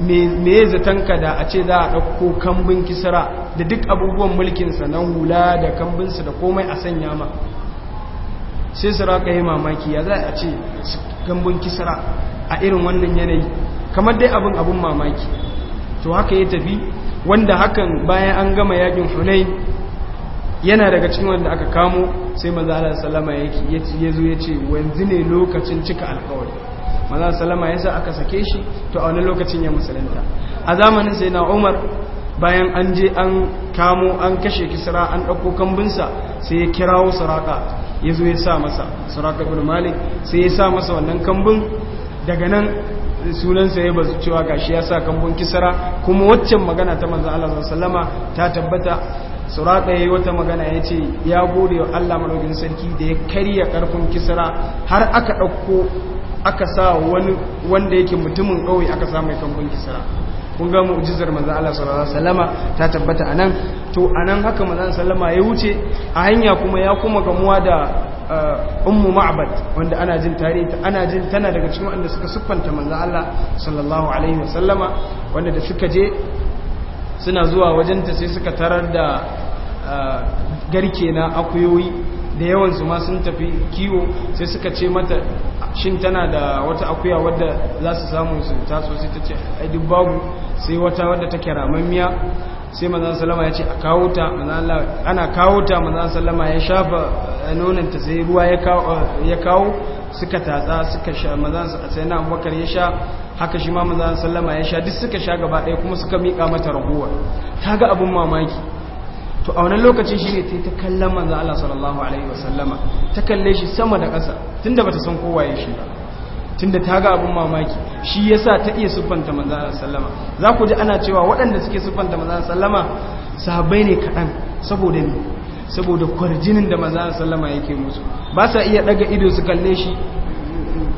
me ya zatanka da a ce za a ɗauko kambin kisira da duk abubuwan mulkinsa na hula da kambinsa da komai a sanya ma sai raƙa yi mamaki ya za a ce kambin kisra a irin wannan yanayi kamar dai abin abin mamaki to haka ya tafi wanda hakan bayan an gama yakin hunai yana daga cikin wanda aka kamo sai maza salama ya zo ya ce wanzu ne lokacin cika alkawari maza salama ya sa aka sake shi to a wani lokacin ya musulunta a zamanin sai na umar bayan an je an kamo an kashe kisra an ɗauko kambinsa sai ya kirawo saraka ya zo ya sa masa saraka bin malik sai ya sa masa wannan kambin daga nan sunansa ya bazu cewa gashi ya sa kambun kisra kuma waccan magana ta manzo Allah sallama ta tabbata suraka yi wata magana ya ce ya gode wa Allah madaukakin sarki da ya karya karfin kisra har aka ɗauko. aka sa wani wanda yake mutumin kawai aka sa mai kambun kisra kun ga mu'jizar manzo Allah sallallahu alaihi wasallama ta tabbata anan to anan haka manzo sallama ya wuce a hanya kuma ya kuma gamuwa da uh, ummu ma'bad wanda ana jin tarihi ana jin tana daga cikin wanda suka siffanta manzo Allah sallallahu alaihi wasallama wanda da suka je suna zuwa wajenta sai suka tarar da uh, garke na akuyoyi da yawansu ma sun tafi kiwo sai suka ce mata shin tana da wata akuya wadda za su samu su taso sai ta ce duk babu sai wata wadda take ramammiya sai manzan salama ya ce a kawo ta ana kawo ta manzan salama ya shafa eh, nonanta sai ruwa eh, ya kawo suka tatsa suka sha manzan sai na abubakar ya sha haka shi ma manzan salama ya sha duk suka sha gaba ɗaya kuma suka miƙa mata raguwa ta ga abin mamaki to a wani lokaci shi ne ta ta kallon manzan Allah sallallahu Alaihi wasallama ta kalle shi sama da ƙasa tun ba bata san kowa ya shi ba da ta ga abin mamaki shi ya sa ta iya siffanta manzan Allah sallama za ku ji ana cewa waɗanda suke siffanta manzan Allah sallama sahabai ne kaɗan saboda ne saboda kwarjinin da manzan Allah sallama yake musu ba sa iya ɗaga ido su kalle shi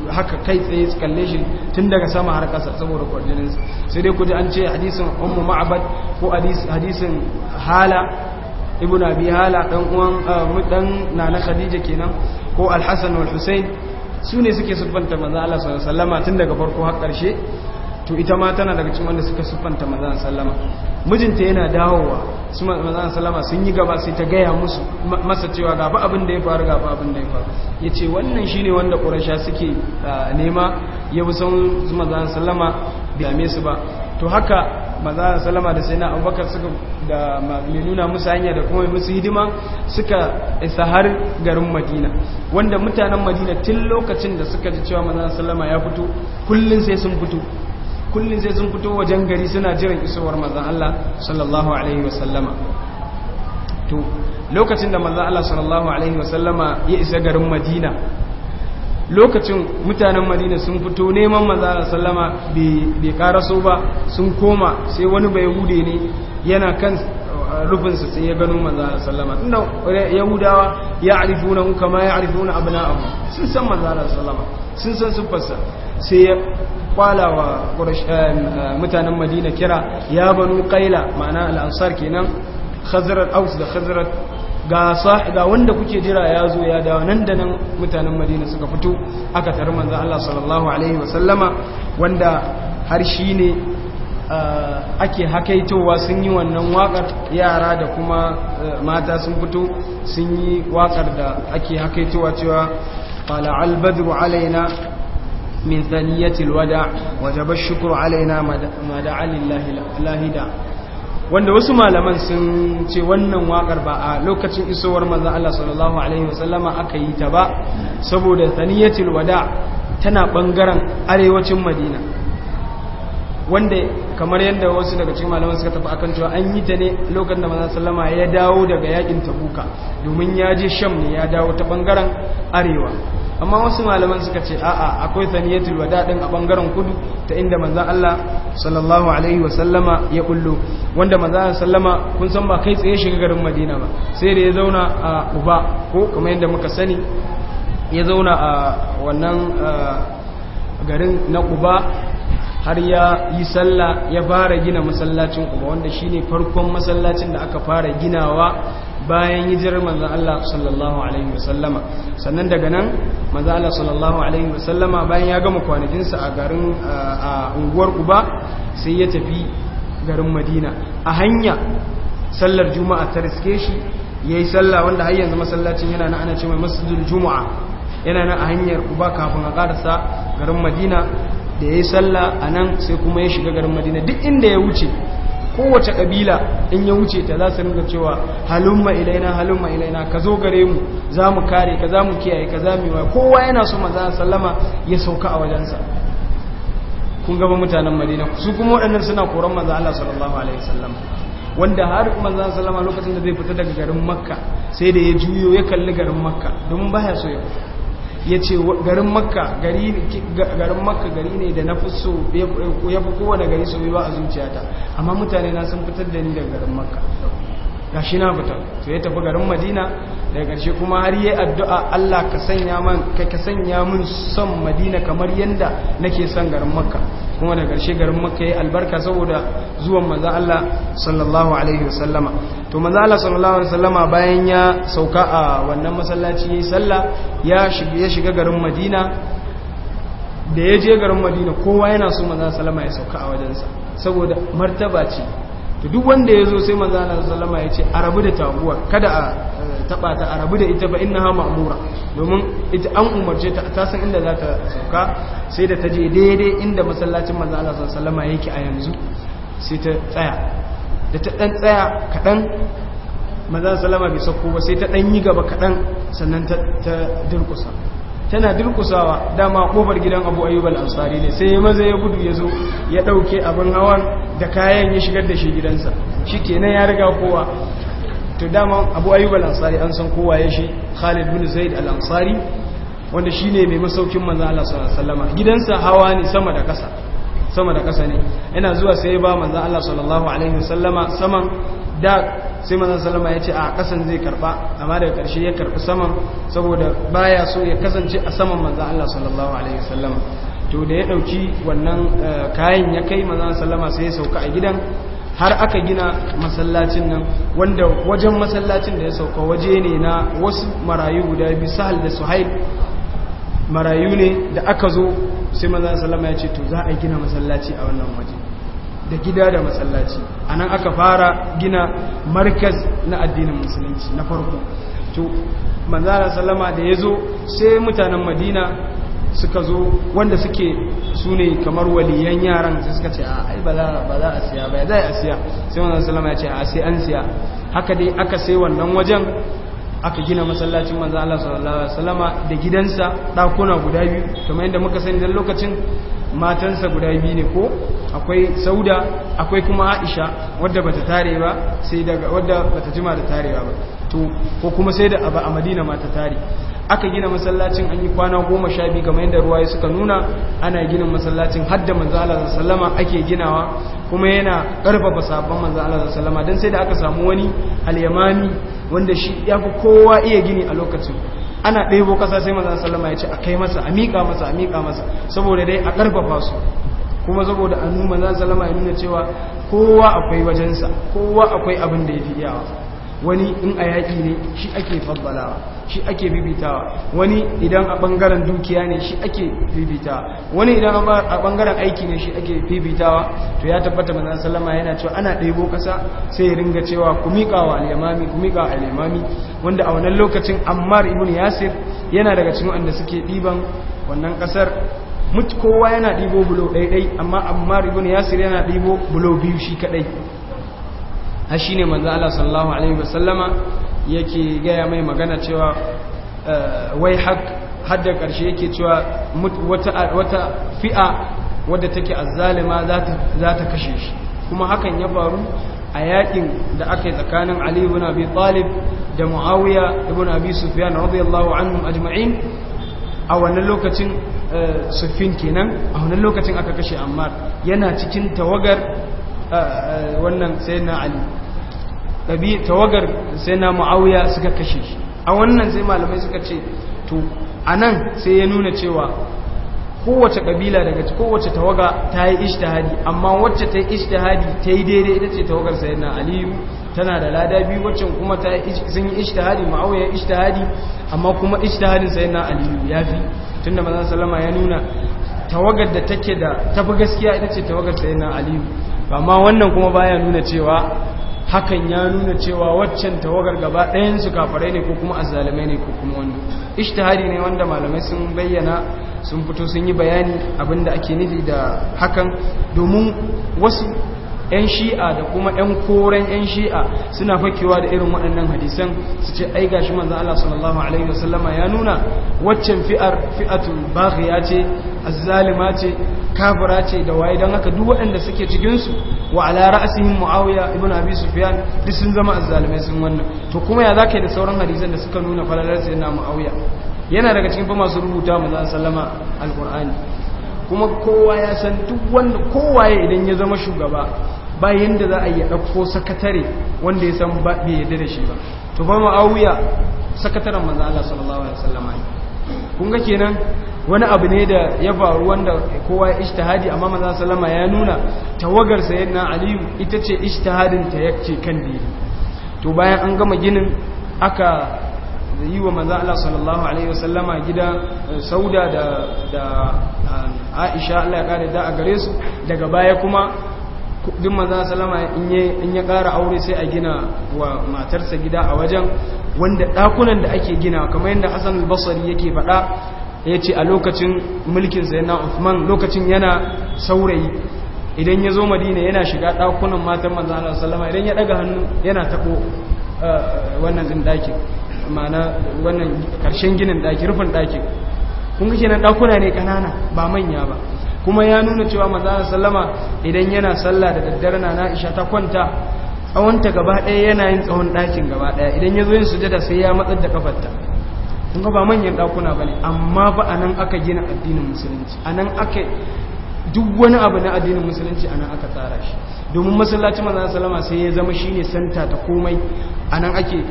haka kai tsaye su kalle shi tun daga sama har kasa saboda kwarjinin sai dai ku ji an ce hadisin ummu ma'abad ko hadisin hala ibn abi hala dan uwan eh, mudan nana khadija kenan ko al-hasan wal husayn su suke sufanta manzon Allah sallallahu alaihi wasallama tun daga farko har karshe to ita ma tana daga cikin wanda suka siffanta manzon sallama mijinta yana dawowa su manzon sallama sun yi gaba sai ta gaya musu masa cewa ga ba abin da ya faru ga ba abin da ya faru yace wannan shine wanda quraysha suke eh, nema ya bi san manzon sallama me su ba to haka maza salama da sai na abubakar suka da mai nuna musu hanya da kuma musu hidima suka isa har garin madina wanda mutanen madina tun lokacin da suka ji cewa maza salama ya fito kullum sai sun fito kullum sai sun fito wajen gari suna jiran isowar maza Allah sallallahu alaihi wasallama to lokacin da maza Allah sallallahu alaihi wasallama ya isa garin madina lokacin mutanen madina sun fito neman manzana sallama bai karaso ba sun koma sai wani bai hude ne yana kan uh, rufinsa sai ya gano manzana sallama inda yahudawa ya arifuna kama ya arifuna abu na abu sun san manzana sallama sun san siffarsa sai ya kwala wa uh, mutanen madina kira ya banu kaila ma'ana al'ansar kenan khazirar aus da khazirar ga wanda kuke jira ya zo ya dawo nan da nan mutanen madina suka fito aka tare manzan Allah sallallahu Alaihi wasallama wanda har shi ne ake hakaitowa sun yi wannan wakar yara da kuma mata sun fito sun yi wakar da ake hakaitowa cewa fala albadru alaina min zaniyatil wada wajabar shukru alaina mada'alillahi lahida wanda wasu malaman sun ce wannan wakar ba a lokacin isowar maza Allah sallallahu alaihi wasallama aka yi ta ba saboda taniyatul wada tana bangaren arewacin madina wanda kamar yadda wasu daga cikin malaman suka tafi akan cewa an yi ta ne lokacin da maza sallama ya dawo daga yakin tabuka domin ya je sham ne ya dawo ta bangaren arewa amma wasu malaman suka ce a'a akwai saniyatul wada din a bangaren kudu ta inda manzon Allah sallallahu alaihi wa sallama ya kullu wanda manzon sallama kun san ba kai tsaye shiga garin Madina ba sai da ya zauna a Uba ko kamar yadda muka sani ya zauna a wannan garin na Uba har ya yi sallah ya fara gina masallacin Uba wanda shine farkon masallacin da aka fara ginawa bayan hijirar manzan Allah sallallahu alaihi wasallama sannan daga nan manzan Allah sallallahu alaihi wasallama bayan ya gama kwanajinsa a garin a unguwar Uba sai ya tafi garin Madina a hanya sallar juma'a ta riske shi yayi sallah wanda har yanzu masallacin yana nan ana ce mai masjidul juma'a yana na a hanyar Uba kafin a karasa garin Madina da ya yayi sallah nan sai kuma ya shiga garin Madina duk inda ya wuce kowace kabila in ya wuce ta za su ringa cewa halumma ilaina halumma ilaina ka zo gare mu za mu kare ka za mu kiyaye ka za mu yi kowa yana so maza sallama ya sauka a wajensa kun gaba mutanen madina su kuma waɗannan suna koron maza Allah sallallahu alaihi wasallam wanda har a sallama lokacin da zai fita daga garin makka sai da ya juyo ya kalli garin makka domin baya so ya ya ce garin makka gari ne da na fi so ya fi kowane gari so ba a zuciyata amma mutane na sun fitar da ni daga garin makka ga shi na fitar to ya tafi garin madina daga ƙarshe kuma har yi addu'a allah ka sanya man min son madina kamar yadda nake son garin makka kuma daga ƙarshe garin makka ya albarka saboda zuwan manzan Allah sallallahu alaihi wasallama to manzan Allah sallallahu alaihi wasallama bayan ya sauka a wannan masallaci yi sallah ya shiga garin Madina da ya je garin Madina kowa yana so manzan sallama ya sauka a wajensa saboda martaba ce to duk wanda ya zo sai manzan Allah sallama ya ce a rabu da taguwa kada a eh, taba ta a rabu da ita ba innaha ma'mura domin ita an umarce ta ta san inda za ta sauka sai da ta je daidai inda masallacin manzan Allah sallama yake a yanzu sai ta tsaya da ta ɗan tsaya kaɗan maza salama bai sako ba sai ta ɗan yi gaba kaɗan sannan ta durkusa tana durkusawa dama kofar gidan abu ayyub al-ansari ne sai ya maza ya gudu ya zo ya ɗauke abin hawan da kayan ya shigar da shi gidansa shi kenan ya riga kowa to dama abu ayyub al-ansari an san kowa ya shi khalid bin zaid al-ansari wanda shine mai masaukin manzo Allah sallallahu gidansa hawa ne sama da kasa sama da ƙasa ne ina zuwa sai ba manzan Allah sallallahu alaihi wasallama saman da sai manzan sallama ya ce a ƙasan zai karɓa amma daga ƙarshe ya karɓi saman saboda baya so ya kasance a saman manzan Allah sallallahu alaihi wasallama to da ya ɗauki wannan eh, kayan ya kai manzan sallama sai ya sauka a gidan har aka gina masallacin nan wanda wajen masallacin da ya sauka waje ne na wasu marayu guda biyu sahal da suhaib marayu ne da aka zo sai maza salama ya ce to za a gina masallaci a wannan waje da gida da masallaci a nan aka fara gina markaz na addinin musulunci na farko to manzan salama da ya zo sai mutanen madina suka zo wanda suke su ne kamar waliyan yaran sai suka ce ai ba za a siya ba ya za a siya sai maza salama ya ce a sai an siya haka dai aka sai wannan wajen aka gina masallacin manzan Allah sallallahu alaihi wasallama da gidansa ɗakuna guda biyu kamar yadda muka sani dan lokacin matansa guda biyu ne ko akwai sauda akwai kuma aisha wadda bata tare ba sai daga wadda bata jima da tarewa ba to ko kuma sai da a madina ma ta tare aka gina masallacin an yi kwana goma sha biyu kamar yadda ruwaye suka nuna ana gina masallacin hadda manzo Allah sallama ake ginawa kuma yana karfafa sabon manzo Allah sallama dan sai da aka samu wani al-yamani wanda shi yafi kowa iya gini a lokacin ana ɗebo ƙasa sai manzo sallama ya ce a kai masa a miƙa masa a miƙa masa saboda dai a karfafa su kuma saboda an numa za zalama ya nuna cewa kowa akwai wajensa kowa akwai abin da ya fi yawa wani in a yaƙi ne shi ake fabbalawa shi ake bibitawa wani idan a ɓangaren dukiya ne shi ake bibitawa wani idan a ɓangaren aiki ne shi ake bibitawa to ya tabbata maza salama yana cewa ana ɗaibo ƙasa sai ringa cewa ku miƙa wa alimami ku miƙa wa alimami wanda a wannan lokacin ammar ibn yasir yana daga cikin wanda suke ɗiban wannan ƙasar mut kowa yana ɗibo bulo ɗaiɗai amma amma ribin yasir yana ɗibo bulo biyu shi kaɗai a shi ne manzan Allah sallallahu Alaihi wasallama yake gaya mai magana cewa eh, wai hadda ƙarshe yake cewa wata fi'a wadda take azzalima za ta kashe shi kuma hakan ya faru a yakin da aka yi tsakanin Ali ibn Abi Talib da Muawiya ibn Abi Sufyan radiyallahu anhum ajma'in a wannan lokacin eh, sufin kenan a wannan lokacin aka kashe ammar yana cikin tawagar eh, eh, wannan sai na ali ɗabi tawagar sai na ma'auya suka kashe shi a wannan sai malamai suka ce to a nan sai ya nuna cewa kowace kabila daga kowace tawaga ta yi ishtihadi amma wacce ta yi ishtihadi ta yi daidai ita ce tawagar sayyidina aliyu tana da lada biyu waccan kuma ta sun yi ishtihadi ma'auya ishtihadi amma kuma ishtihadin sayyidina aliyu ya fi tunda manzon sallama ya nuna tawagar da take da tafi gaskiya ita ce tawagar sayyidina aliyu amma wannan kuma baya nuna cewa hakan ya nuna cewa waccan tawagar gaba ɗayansu kafarai ne ko kuma azalimai ne ko kuma wani ishtihari ne wanda malamai sun bayyana sun fito sun yi bayani abinda ake nufi da hakan domin wasu 'yan shi'a da kuma 'yan koren 'yan shi'a suna fakewa da irin waɗannan hadisan su ce ai gashi manzan Allah sallallahu Alaihi wasallama ya nuna waccan fi'ar fi'atun baghiya ce azzalima ce kafira ce da waye dan haka duk waɗanda suke cikinsu wa ala ra'sihim muawiya ibn abi sufyan duk sun zama azzalimai sun wannan to kuma ya zakai da sauran hadisan da suka nuna falalar sayyidina muawiya yana daga cikin fa masu rubuta manzan sallama alqur'ani kuma kowa ya san duk wanda kowaye idan ya zama shugaba ba yanda za a yi ɗauko sakatare wanda ya san ba bai yadda da shi ba to ba ma'awiya sakataren manzo Allah sallallahu alaihi wasallama kun ga kenan wani abu ne da ya faru wanda kowa ya ishtihadi amma manzo sallama ya nuna tawagar sayyidina ali ita ce ishtihadin ta yake kan dini to bayan an gama ginin aka da yi wa maza Allah sallallahu Alaihi wasallama gida eh, sauda da um, aisha Allah ya kada da a gare su daga baya kuma duk maza salama in ya kara aure sai a gina wa matarsa gida a wajen wanda dakunan da ake gina kamar yadda hassan basari yake fada ya ce a lokacin mulkin zaina uthman lokacin yana saurayi idan ya zo madina yana shiga ɗakunan matan maza salama idan ya daga hannu yana taɓo eh, wannan zindakin ma'ana wannan karshen ginin daki rufin dakin kun ga nan dakuna ne kanana ba manya ba kuma ya nuna cewa a sallama idan yana sallah da daddare na Aisha ta kwanta tsawonta gaba ɗaya yana yin tsawon ɗakin gaba ɗaya idan ya zo yin sujada sai ya matsar da kafarta kun ga ba manyan ɗakuna ba ne amma ba a nan aka gina addinin musulunci a nan aka duk wani abu na addinin musulunci a nan aka tsara shi domin masallaci a sallama sai ya zama shine santa ta komai a nan ake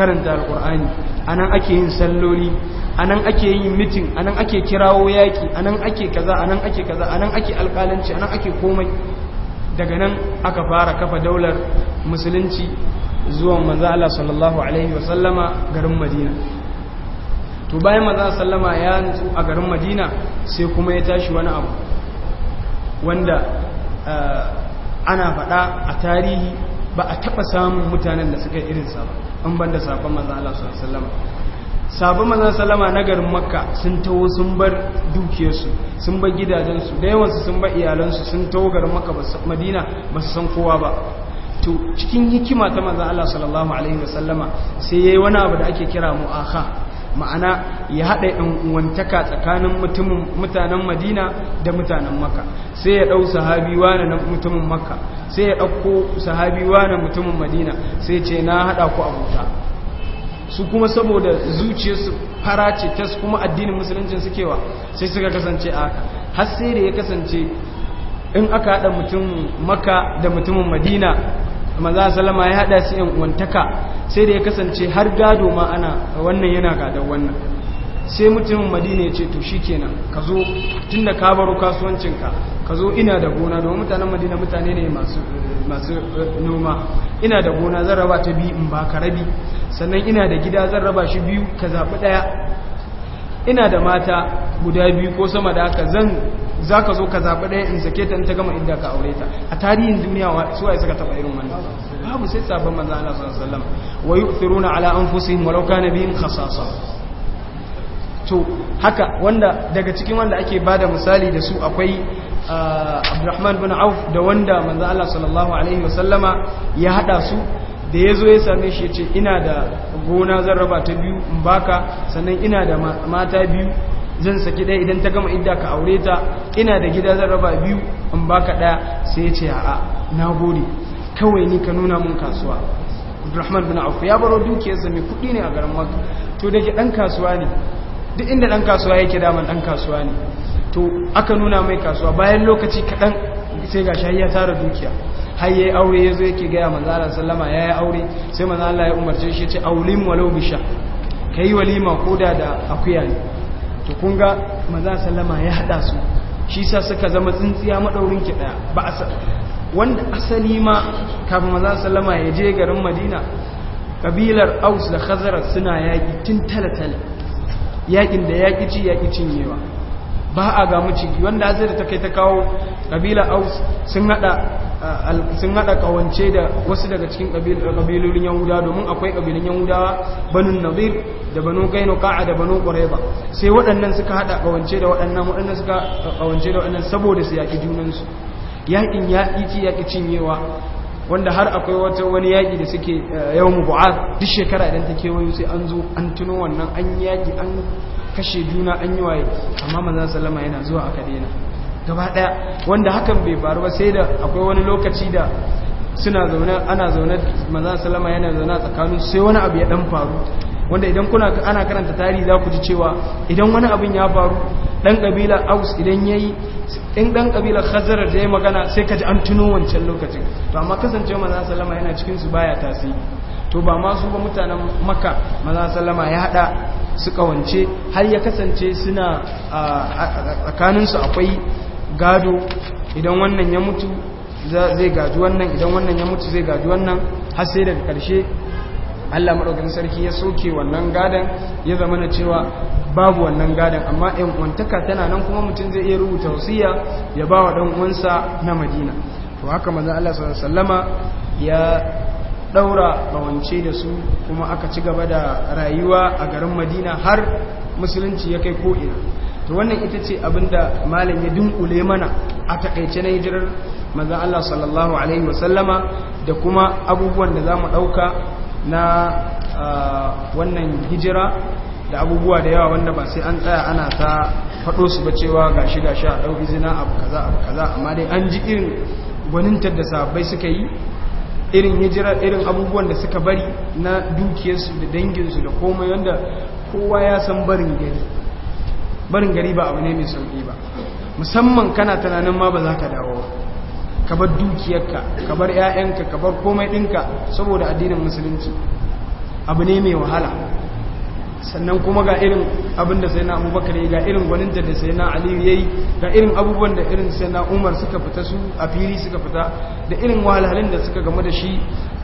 karanta alkur'ani anan ake yin salloli anan ake yin mitin anan ake kirawo yaki anan ake kaza anan ake kaza anan ake alƙalanci anan ake komai daga nan aka fara kafa daular musulunci zuwan manzo Allah sallallahu alaihi wa sallama garin Madina to bayan manzo sallama ya nutsu a garin Madina sai kuma ya tashi wani abu wanda eh, ana faɗa a tarihi ba a taɓa samun mutanen da suka irinsa ba in ban da sabon manzan Allah su sallama sabon manzan sallama na garin makka sun taho sun bar dukiyarsu sun bar gidajensu da yawansu sun bar iyalansu sun taho garin makka madina ba su san kowa ba to cikin hikima ta maza Allah sallallahu alaihi wasallama sai yayi wani abu da ake kira mu'akha ma'ana ya haɗa ɗan uwantaka tsakanin mutanen madina da mutanen maka sai ya ɗau sahabiwa na mutumin maka sai ya ɗauko sahabiwa na mutumin madina sai ce na haɗa ku abuta su kuma saboda zuciyarsu fara ce ta kuma addinin musulunci su kewa sai suka kasance a haka har sai da ya kasance in aka haɗa mutumin maka da mutumin madina maza salama ya hada su yan uwantaka sai da ya kasance har gado ma ana wannan yana gadon wannan sai mutumin madina ya ce to shikenan ka zo tun ka baro kasuwancinka ka zo ina da gona domin mutanen madina mutane ne masu eh, noma ina da gona zan raba ta biyu in ba ka rabi sannan ina da gida zan raba shi biyu ka zaɓi ɗaya ina da mata guda biyu ko sama da haka zan za ka zo ka zaɓi ɗaya in sake ta in ta gama inda ka aure ta a tarihin duniya suwaye suka taɓa irin wannan babu sai sabon manzo Allah sallallahu alaihi wasallam wa yu'thiruna ala anfusihim walau kana bihim khasasa to haka wanda daga cikin wanda ake bada misali da su akwai ah, Abdurrahman bin Auf da wanda manzo Allah sallallahu alaihi wasallama ya hada su da ya zo ya same shi ya ce ina da gona zan raba ta biyu in baka sannan ina da mata biyu zan saki ɗaya idan ta gama idda ka aure ta ina da gida zan raba biyu in baka ɗaya sai ya ce a'a na gode kawai ni ka nuna mun kasuwa Abdulrahman bin Afu ya baro dukiyarsa mai kuɗi ne a garin maka to da ke ɗan kasuwa ne duk inda ɗan kasuwa yake daman ɗan kasuwa ne to aka nuna mai kasuwa bayan lokaci kaɗan sai ga shayi ya tara dukiya har yayi aure ya zo yake gaya manzo salama ya yi aure sai manzo ya umarci shi ya ce aulim walau bisha kai walima ko da da akuya ne to kun ga sallama ya hada su shi sa suka zama tsintsiya maɗaurin ki daya ba asa wanda asali ma kafin manzo sallama ya je garin Madina kabilar Aus da khazara suna yaƙi tun talatala yaƙin da yaƙi ci yaki cinyewa ba a ga mu wanda azir ta kai ta kawo ƙabilar aus sun haɗa. sun hada kawance da wasu daga cikin kabilolin yahuda domin akwai kabilin yahuda banu nazir da banu ka'a da banu qurayba sai waɗannan suka hada kawance da waɗannan waɗannan suka kawance da waɗannan saboda su yaki junansu yakin yaki ci yaki cinyewa wanda har akwai wata wani yaki da suke eh, yawan bu'ad duk shekara idan ta kewayo sai an zo an tuno wannan an yaki an kashe juna an yi waye amma manzon sallama yana zuwa a daina gaba daya wanda hakan bai faru ba sai da akwai wani lokaci da suna zaune ana zaune manzon salama yana zaune tsakanin sai wani abu ya dan faru wanda idan kuna ana karanta tarihi za ku ji cewa idan wani abin ya faru dan kabila aus idan yayi in dan kabila khazar da ya magana sai ka ji an tuno wancan lokacin to amma kasance maza sallama yana cikin su baya tasiri to ba masu ba mutanen maka maza sallama ya hada su kawance har ya kasance suna tsakaninsu akwai gado idan wannan ya mutu zai gaji wannan idan wannan ya mutu zai gaji wannan har sai daga karshe Allah madaukakin sarki ya soke wannan gadan ya zama na cewa babu wannan gadan amma ɗan uwantaka tana nan kuma mutum zai iya rubuta wasiya ya ba wa ɗan uwansa na Madina to haka manzon Allah sallallahu alaihi wasallama ya daura bawance da su kuma aka ci gaba da rayuwa a garin Madina har musulunci ya kai ko'ina. to wannan ita ce abinda malam ya dunkule mana a takaice na hijirar maza Allah sallallahu alaihi wasallama da kuma abubuwan da za mu ɗauka na wannan hijira da abubuwa da yawa wanda ba sai an tsaya ana ta faɗo su ba cewa ga shi ga a ɗau izina abu kaza abu kaza amma dai an ji irin gwanintar da sabai suka yi irin hijira irin abubuwan da suka bari na dukiyarsu da danginsu da komai wanda kowa ya san barin gari barin gari ba abu ne mai sauƙi ba musamman kana tunanin ma ba za ka dawo ka bar dukiyarka ka bar 'ya'yanka ka bar komai ɗinka saboda addinin musulunci abu ne mai wahala sannan kuma ga irin abin da sai na abubakar ga irin gwaninta da sai na aliyu ya yi ga irin abubuwan da irin sai na umar suka fita su a fili suka fita da irin wahalhalin da suka game da shi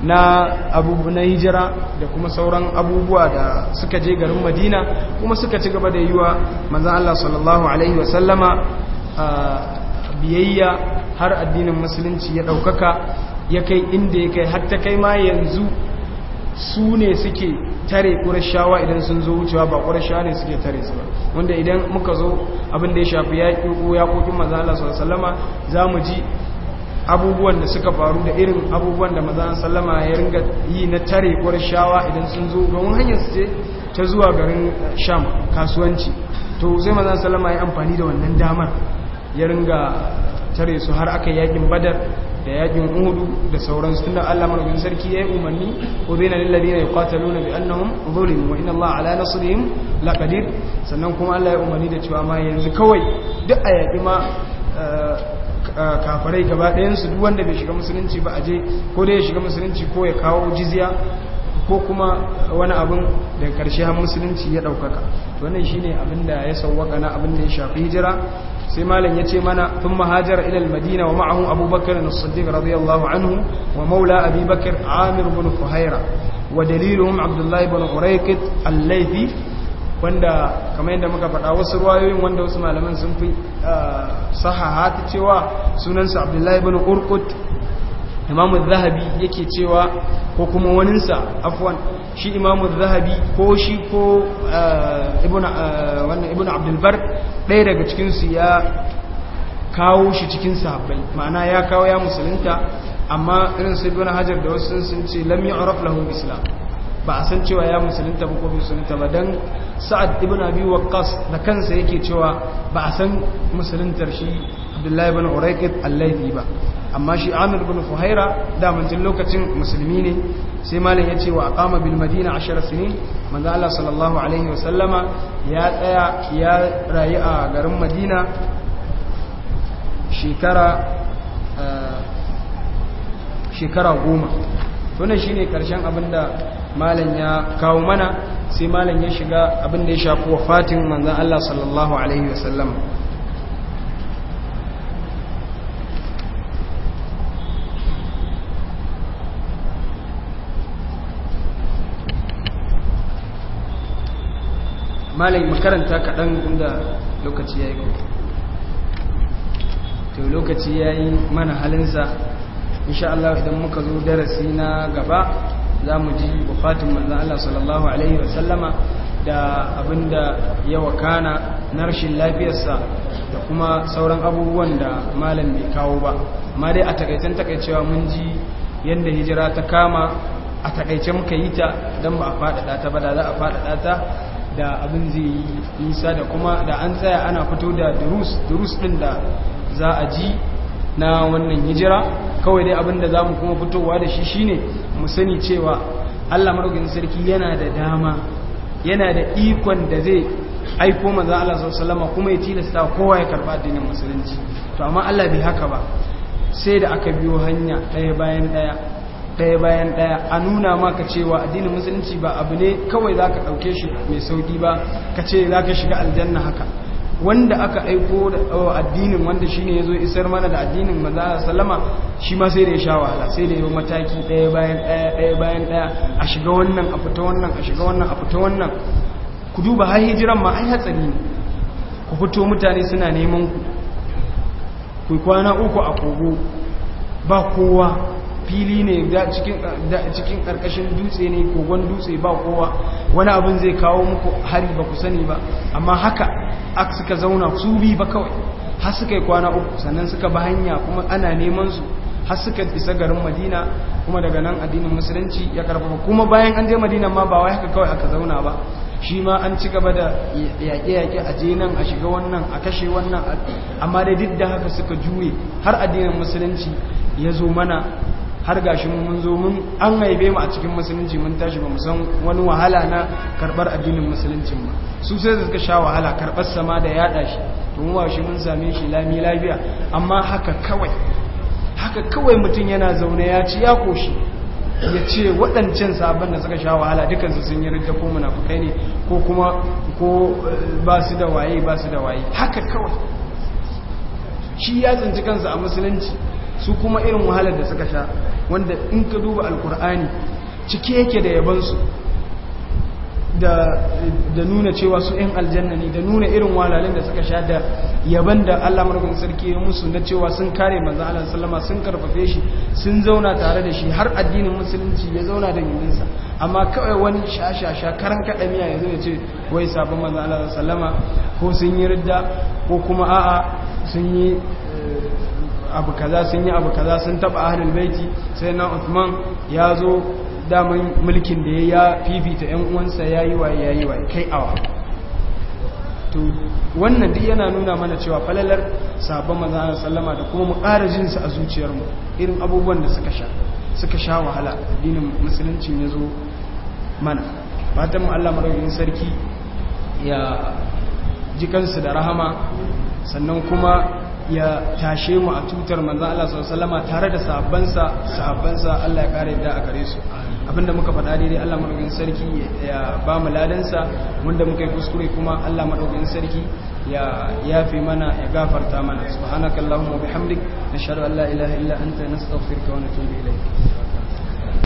na abubu na hijira da kuma sauran abubuwa da suka je garin madina kuma suka ci gaba da yi wa maza allah sallallahu alaihi wasallama biyayya har addinin musulunci ya ɗaukaka ya kai inda ya kai hatta kai ma yanzu su ne suke tare ƙurashawa idan sun zo wucewa ba ƙurashawa ne suke tare su ba wanda idan muka zo abin da ya shafi yaƙi ya ƙoƙin mazala sallama za mu ji abubuwan da suka faru da irin abubuwan da mazala sallama ya ringa yi na tare ƙurashawa idan sun zo wani hanyar su ce ta zuwa garin sham kasuwanci to sai mazala sallama ya amfani da wannan damar ya ringa tare su har aka yaƙin badar da yakin hudu da sauransu tunda Allah marubin sarki yi umarni ko na ubina lil kwatalo na bi annahum zulim wa inna Allah ala nasrihim laqadir sannan kuma Allah ya umarni da cewa ma yanzu kawai duk a yaki ma eh, eh, kafarai gaba ɗayansu su duk wanda bai shiga musulunci ba aje ko dai ya shiga musulunci ko ya kawo jizya ko kuma wani abin da karshe musulunci ya ɗaukaka wannan shine abin da ya sauwaka na abin da ya shafi hijira sai malam ya ce mana tun mahajar ilal madina wa ma'ahu abubakar na sadiq radiyallahu anhu wa maula abubakar amir bin fuhaira wa dalilun abdullahi bin uraikit allaifi wanda kamar yadda muka faɗa wasu ruwayoyin wanda wasu malaman sun fi ah, sahaha ta cewa sunansa abdullahi bin urkut imamu zahabi yake cewa ko kuma waninsa afwan shi imamu zahabi ko shi ko eh, ibn eh, abdulbar ɗaya daga cikinsu ya kawo shi cikin sahabbai ma'ana ya kawo ya musulunta amma irin sai ibn hajar da wasu sun ce lam yu'raf lahu islam ba a san cewa ya musulunta ba ko musulunta ba dan sa'ad ibn abi waqqas da kansa yake cewa ba a san musuluntar shi abdullahi ibn urayqit allahi ba amma shi amir bin fuhaira damancin lokacin musulmi ne sai malam ya ce wa akama bil madina ashara sinin manzo Allah sallallahu alaihi wasallama ya tsaya ya rayu a garin madina shekara eh, goma tunan shi ne karshen abinda malam ya kawo mana sai malam ya shiga abinda ya shafi wafatin manzan Allah sallallahu Alaihi wasallam malai makaranta kaɗan inda lokaci ya yi ko to lokaci ya yi mana halinsa insha Allah idan muka zo darasi na gaba za mu ji bukatun manzan Allah sallallahu Alaihi wasallama da abinda ya wakana na rashin lafiyarsa da kuma sauran abubuwan da malam bai kawo ba amma dai a takaicen takaicewa mun ji yadda hijira ta kama a takaice muka yi ta don ba a faɗaɗa ta ba da za a faɗaɗa ta da abin zai yi nisa da kuma da an tsaya ana fito da durus durus din da za a ji na wannan hijira kawai dai abin da za mu kuma fitowa da shi shine mu sani cewa allah maɗaukakin sarki yana da dama yana da ikon da zai aiko maza allah sallama kuma ya tilasta kowa ya karba addinin musulunci to amma allah bai haka ba sai da aka biyo hanya ɗaya bayan ɗaya ɗaya bayan daya a nuna maka cewa addinin musulunci ba abu ne kawai za ka ɗauke shi mai sauƙi ba ka ce za ka shiga aljanna haka wanda aka aiko da addinin wanda shi ne ya zo isar mana da addinin maza a salama shi ma sai da ya sha wahala sai da ya mataki ɗaya bayan ɗaya ɗaya bayan ɗaya a shiga wannan a fita wannan a shiga wannan a fita wannan ku duba har hijiran ma ai hatsari ne ku fito mutane suna neman ku ku kwana uku a kogo ba kowa fili ne cikin karkashin dutse ne kogon dutse ba kowa wani abin zai kawo muku hari ba ku sani ba amma haka ak suka zauna su bi ba kawai har suka yi kwana uku sannan suka ba hanya kuma ana neman su har suka isa garin madina kuma daga nan addinin musulunci ya karfafa kuma bayan an je madina ma ba wai haka kawai aka zauna ba shi ma an ci gaba da yaƙe-yaƙe a je nan a shiga wannan a kashe wannan amma dai duk da haka suka juye har addinin musulunci ya zo mana har gashi mun zo mun an haife mu a cikin musulunci mun tashi ba mu san wani wahala na karbar addinin musuluncin ba su sai suka sha wahala karbar sama da yada shi to mu shi mun same shi lami lafiya amma haka kawai haka kawai mutum yana zaune ya ci ya koshi ya ce waɗancan sabon da suka sha wahala dukansu sun yi rinta ko munafukai ne ko kuma ko eh, ba su da waye ba su da waye haka kawai shi ya tsinci kansa a musulunci su kuma irin wahalar da suka sha wanda in ka duba alkur'ani cike yake da yabansu da nuna cewa su 'yan aljanna ne da nuna irin walalin da suka sha da yaban da Allah margun sarki ya musu na cewa sun kare maza Allah salama sun karfafe shi sun zauna tare da shi har addinin musulunci ya zauna da yininsa amma kawai wani shashasha karan kaɗamiya ya zo ya ce wai sabon maza Allah salama ko sun yi ridda ko kuma a'a sun yi eh, abu kaza sun yi abu kaza sun taba ahlul baiti sai na usman ya zo daman mulkin da ya fifita ƴan uwansa yayi ya yayi wa kai awa to wannan duk yana nuna mana cewa falalar sabon manzon sallama da kuma mu ƙara jin a zuciyarmu irin abubuwan da suka sha suka sha wahala addinin musulunci ya zo mana fatan mu Allah marayin sarki ya jikansu da rahama sannan kuma ya tashe mu a tutar manzan Allah sallama tare da sahabbansa sahabbansa Allah ya kare da a gare su abinda muka faɗa daidai Allah madaukakin sarki ya ba mu ladansa wanda muka yi kuskure kuma Allah madaukakin sarki ya yafe mana ya gafarta mana subhanakallahumma wa bihamdik nashhadu an la ilaha illa anta nastaghfiruka wa natubu ilayk